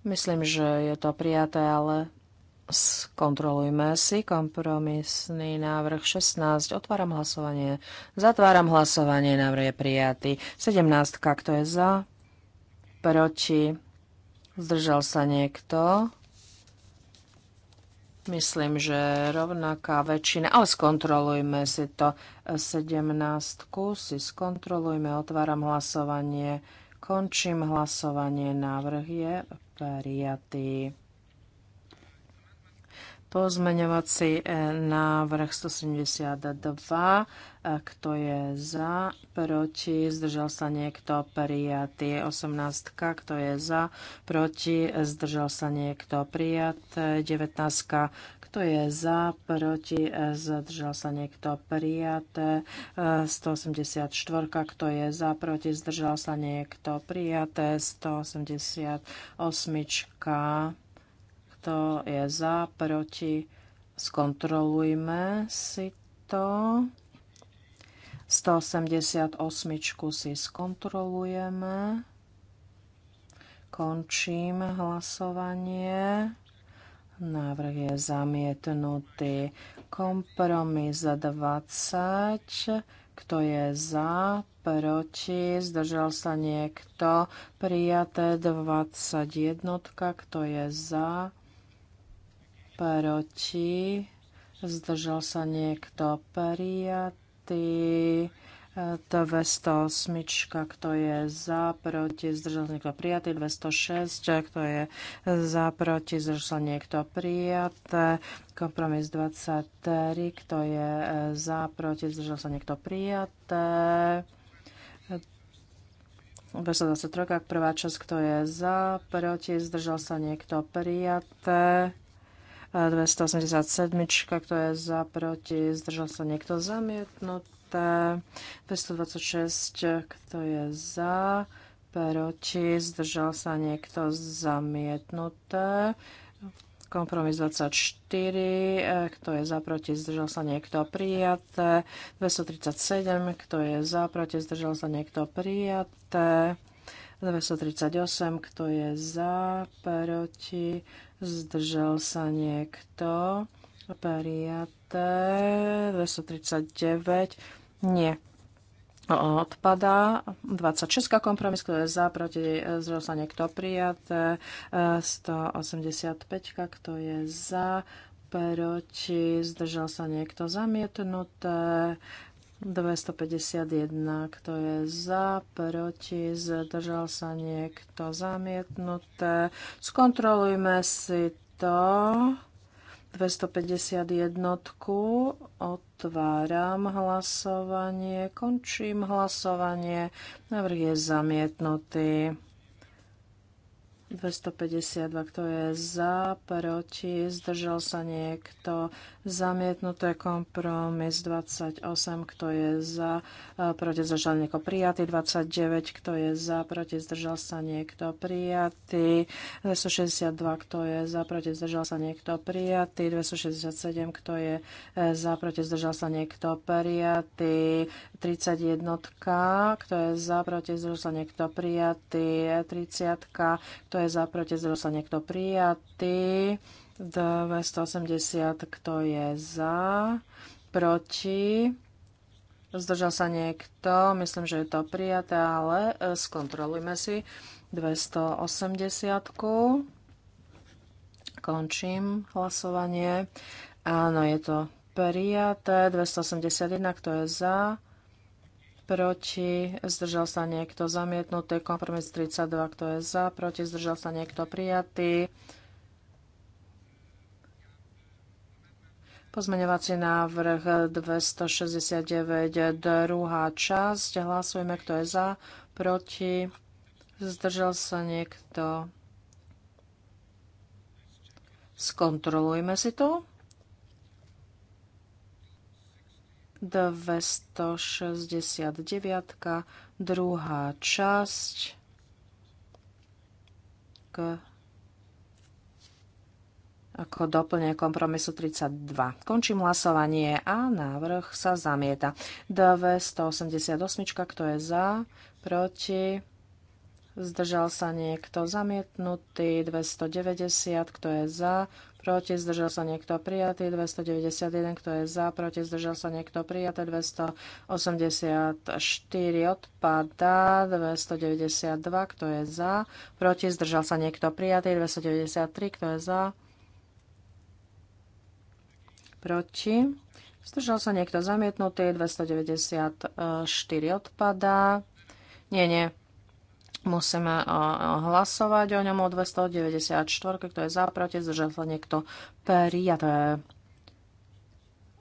Myslím, že je to prijaté, ale skontrolujme si kompromisný návrh 16. Otváram hlasovanie. Zatváram hlasovanie. Návrh je prijatý. 17. Kto je za? Proti? Zdržal sa niekto? Myslím, že rovnaká väčšina, ale skontrolujme si to. 17 si skontrolujme, otváram hlasovanie, končím hlasovanie, návrh je prijatý. Pozmeňovací e, návrh 172. E, kto je za? Proti? Zdržal sa niekto? Prijatý. 18. Kto je za? Proti? Zdržal sa niekto? prijat. 19. Kto je za? Proti? Zdržal sa niekto? prijat. 184. E, kto je za? Proti? Zdržal sa niekto? Prijaté. 188. Kto je za, proti? Skontrolujme si to. 188 si skontrolujeme. Končím hlasovanie. Návrh je zamietnutý. Kompromis 20. Kto je za? Proti? Zdržal sa niekto? Prijaté 21. Kto je za? proti, zdržal sa niekto prijatý. 208, kto je za, proti, zdržal sa niekto prijatý, 206, kto je za, proti, zdržal sa niekto prijaté, kompromis 23, kto je eh, za, proti, zdržal sa niekto prijaté. 223, prvá časť, kto je za, proti, zdržal sa niekto prijaté. 287, kto je za, proti, zdržal sa niekto zamietnuté. 226, kto je za, proti, zdržal sa niekto zamietnuté. Kompromis 24, kto je za, proti, zdržal sa niekto prijaté. 237, kto je za, proti, zdržal sa niekto prijaté. 238, kto je za, proti, zdržal sa niekto, prijaté, 239, nie, odpadá. 26 kompromis, kto je za, proti, zdržal sa niekto prijaté. 185, kto je za, proti, zdržal sa niekto zamietnuté. 251, kto je za, proti, zdržal sa niekto, zamietnuté. Skontrolujme si to. 251 otváram hlasovanie, končím hlasovanie. Návrh je zamietnutý. 252, kto je za, proti, zdržal sa niekto, zamietnuté kompromis 28, kto je za, e, proti, zdržal niekto prijatý, 29, kto je za, proti, zdržal sa niekto prijatý, 262, kto je za, proti, zdržal sa niekto prijatý, 267, kto je e, za, proti, zdržal sa niekto prijatý, 31, kto je za, proti, zdržal sa niekto prijatý. 30, kto je za, proti, zdržal sa niekto prijatý. 280, kto je za, proti, zdržal sa niekto. Myslím, že je to prijaté, ale e, skontrolujme si 280. -ku. Končím hlasovanie. Áno, je to prijaté. 281, kto je za? proti, zdržal sa niekto zamietnutý, kompromis 32, kto je za, proti, zdržal sa niekto prijatý. Pozmeňovací návrh 269, druhá časť. Hlasujeme, kto je za, proti, zdržal sa niekto. Skontrolujme si to. 269, druhá časť k ako doplne kompromisu 32. Končím hlasovanie a návrh sa zamieta. 288, kto je za, proti, zdržal sa niekto zamietnutý, 290, kto je za, proti, zdržal sa niekto prijatý, 291, kto je za, proti, zdržal sa niekto prijatý, 284 odpadá, 292, kto je za, proti, zdržal sa niekto prijatý, 293, kto je za, proti, zdržal sa niekto zamietnutý, 294 odpadá, nie, nie, Musíme eh, eh, hlasovať o ňom o 294, kto je za, proti, zdržal sa niekto prijaté.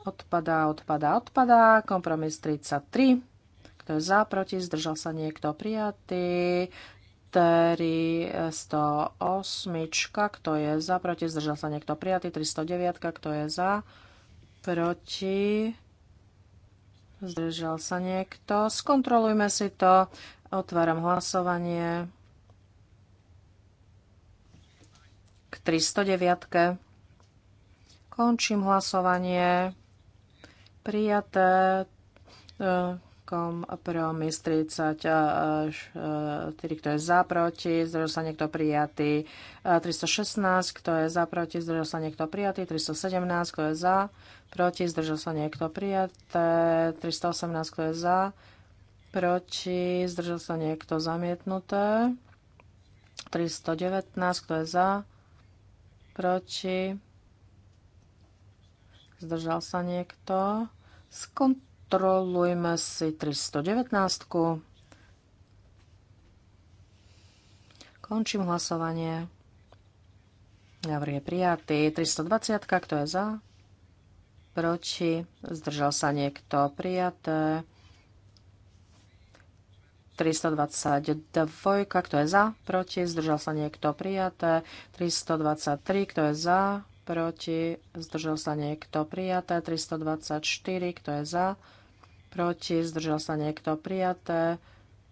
Odpadá, odpadá, odpadá. Kompromis 33. Kto je za, proti, zdržal sa niekto prijatý. 308, kto je za, proti, zdržal sa niekto prijatý. 309, kto je za, proti, zdržal sa niekto. Skontrolujme si to. Otváram hlasovanie k 309. Končím hlasovanie. Prijaté kompromis 34, eh, kto je za, proti, zdržal sa niekto prijatý. 316, eh, kto je za, proti, zdržal sa niekto prijatý. 317, kto je za, proti, zdržal sa niekto prijaté. 318, kto je za, proti, zdržal sa niekto zamietnuté. 319, kto je za, proti, zdržal sa niekto. Skontrolujme si 319. -ku. Končím hlasovanie. Návrh je prijatý. 320, kto je za? Proti? Zdržal sa niekto? Prijaté. 322, kto je za, proti, zdržal sa niekto prijaté. 323, kto je za, proti, zdržal sa niekto prijaté. 324, kto je za, proti, zdržal sa niekto prijaté.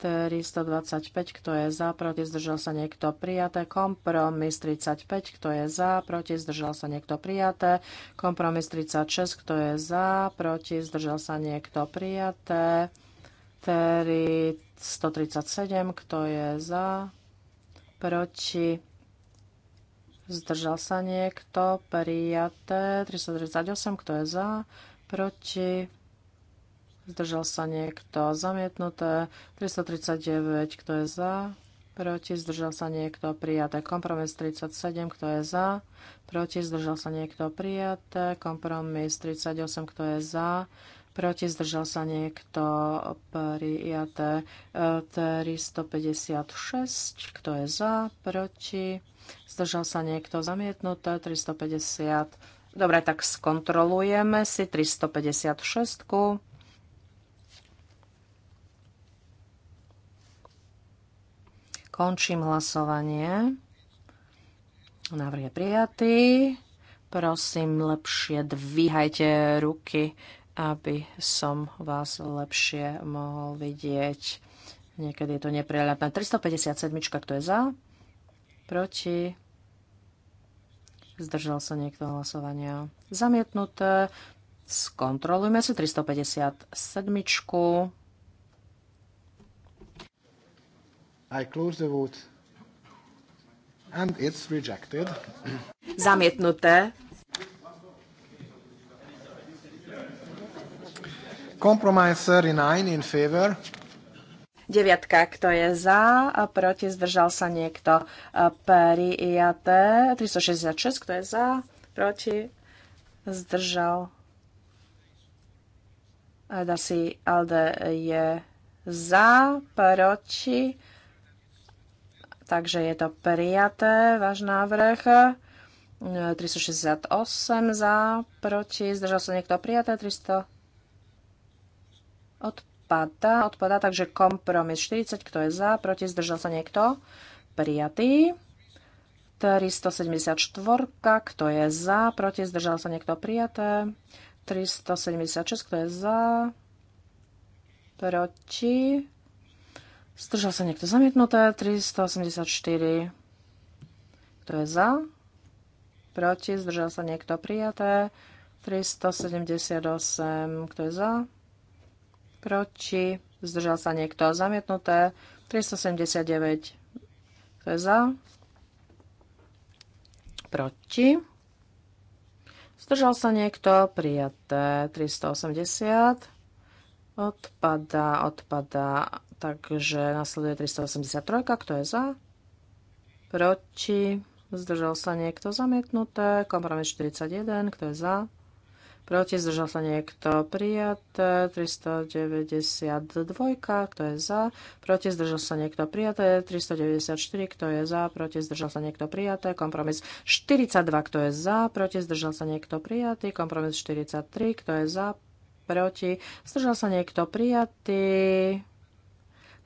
325, kto je za, proti, zdržal sa niekto prijaté. Kompromis 35, kto je za, proti, zdržal sa niekto prijaté. Kompromis 36, kto je za, proti, zdržal sa niekto prijaté. 4, 137, kto je za, proti, zdržal sa niekto, prijaté, 338, kto je za, proti, zdržal sa niekto, zamietnuté, 339, kto je za, proti, zdržal sa niekto, prijaté, kompromis 37, kto je za, proti, zdržal sa niekto, prijaté, kompromis 38, kto je za, proti zdržal sa niekto prijaté 356, e, kto je za, proti, zdržal sa niekto zamietnuté 350. Dobre, tak skontrolujeme si 356. Končím hlasovanie. Návrh je prijatý. Prosím, lepšie dvíhajte ruky aby som vás lepšie mohol vidieť. Niekedy je to neprehľadné. 357, kto je za? Proti? Zdržal sa niekto hlasovania. Zamietnuté. Skontrolujme si 357. I close the vote. And it's rejected. Zamietnuté. Compromise 39 in favor. Deviatka, kto je za, a proti, zdržal sa niekto. Prijaté 366, kto je za, proti, zdržal. Dasi Alde je za, proti, takže je to prijaté, váš návrh. 368 za, proti, zdržal sa niekto prijaté, 300 odpada, odpada, takže kompromis 40, kto je za, proti, zdržal sa niekto, prijatý. 374, kto je za, proti, zdržal sa niekto, prijaté. 376, kto je za, proti, zdržal sa niekto, zamietnuté. 384, kto je za, proti, zdržal sa niekto, prijaté. 378, kto je za, proti, zdržal sa niekto zamietnuté, 379, kto je za, proti, zdržal sa niekto, prijaté, 380, odpada, odpada, takže nasleduje 383, kto je za, proti, zdržal sa niekto, zamietnuté, kompromis 41, kto je za, proti, zdržal sa niekto prijaté, 392, kto je za, proti, zdržal sa niekto prijaté, 394, kto je za, proti, zdržal sa niekto prijaté, kompromis 42, kto je za, proti, zdržal sa niekto prijatý, kompromis 43, kto je za, proti, zdržal sa niekto prijatý,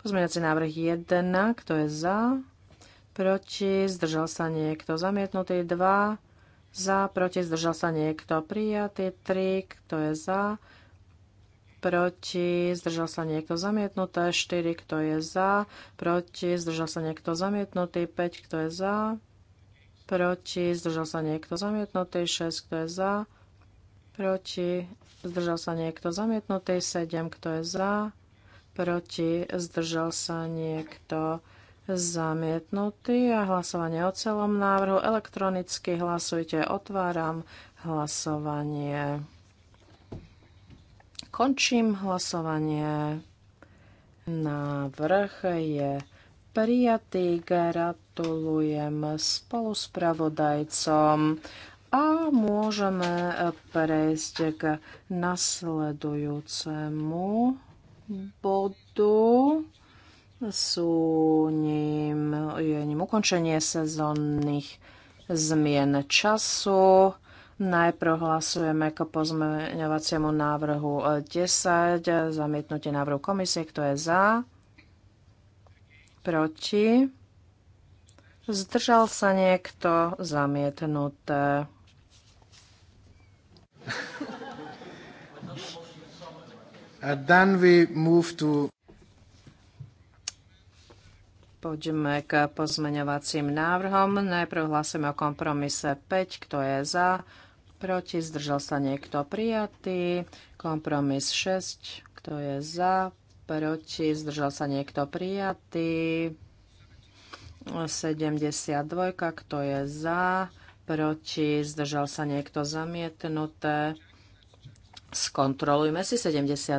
pozmeňací návrh 1, kto je za, proti, zdržal sa niekto zamietnutý, 2, za, proti, zdržal sa niekto prijatý, tri, kto je za, proti, zdržal sa niekto zamietnuté, 4, kto je za, proti, zdržal sa niekto zamietnutý, 5, kto je za, proti, zdržal sa niekto zamietnutý, 6, kto je za, proti, zdržal sa niekto zamietnutý, 7, kto je za, proti, zdržal sa niekto zamietnutý zamietnutý a hlasovanie o celom návrhu. Elektronicky hlasujte. Otváram hlasovanie. Končím hlasovanie. Návrh je prijatý. Gratulujem spoluspravodajcom a môžeme prejsť k nasledujúcemu bodu sú ním, je ním ukončenie sezónnych zmien času. Najprv hlasujeme k pozmeňovaciemu návrhu 10, zamietnutie návrhu komisie, kto je za, proti, zdržal sa niekto, zamietnuté. And then we move to Poďme k pozmeňovacím návrhom. Najprv hlasujeme o kompromise 5. Kto je za? Proti? Zdržal sa niekto? Prijatý. Kompromis 6. Kto je za? Proti? Zdržal sa niekto? Prijatý. 72. Kto je za? Proti? Zdržal sa niekto? Zamietnuté. Skontrolujme si 72.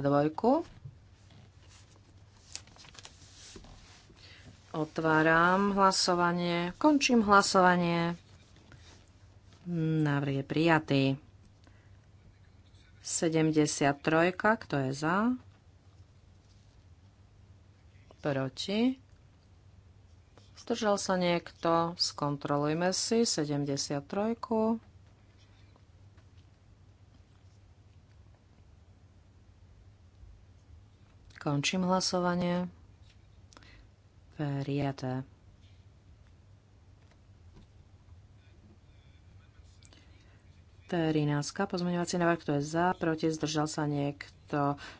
Otváram hlasovanie. Končím hlasovanie. Návrh je prijatý. 73. Kto je za? Proti? Zdržal sa niekto? Skontrolujme si 73. Končím hlasovanie prijaté. Terináctka, pozmeňovací návrh, kto je za, proti, zdržal sa niekto.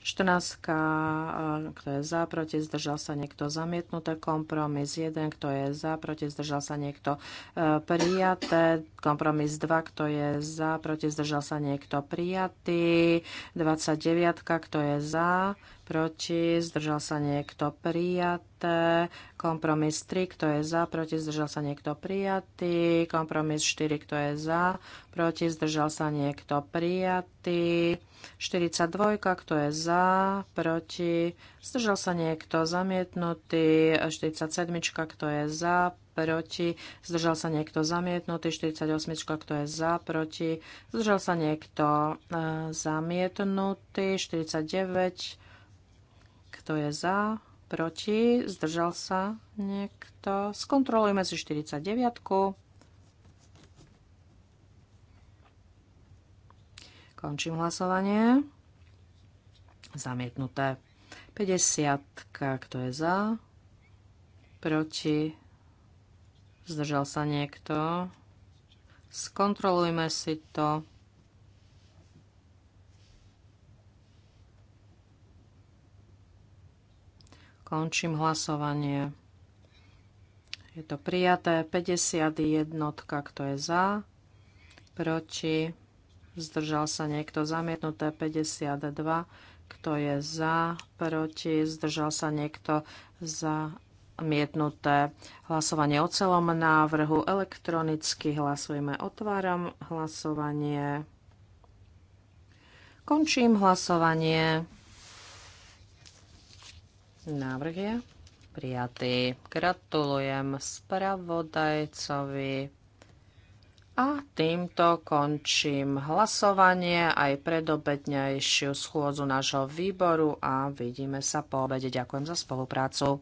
14, eh, kto je za, proti, zdržal sa niekto. Zamietnuté kompromis 1, kto je za, proti, zdržal sa niekto. Eh, prijaté kompromis 2, kto je za, proti, zdržal sa niekto. Prijatý 29, kto je za, proti, zdržal sa niekto prijaté. Kompromis 3, kto je za, proti, zdržal sa niekto prijatý. Kompromis 4, kto je za, proti, zdržal sa niekto prijatý. 42, kto je za, proti, zdržal sa niekto zamietnutý. 47, kto je za, proti, zdržal sa niekto zamietnutý, 48, kto je za, proti, zdržal sa niekto eh, zamietnutý, 49, kto je za? Proti? Zdržal sa niekto? Skontrolujme si 49. Končím hlasovanie. Zamietnuté. 50. Kto je za? Proti? Zdržal sa niekto? Skontrolujme si to. Končím hlasovanie. Je to prijaté. 51, kto je za, proti, zdržal sa niekto zamietnuté. 52, kto je za, proti, zdržal sa niekto za zamietnuté. Hlasovanie o celom návrhu elektronicky hlasujeme. Otváram hlasovanie. Končím hlasovanie. Návrh je prijatý. Gratulujem spravodajcovi. A týmto končím hlasovanie aj predobednejšiu schôdzu nášho výboru a vidíme sa po obede. Ďakujem za spoluprácu.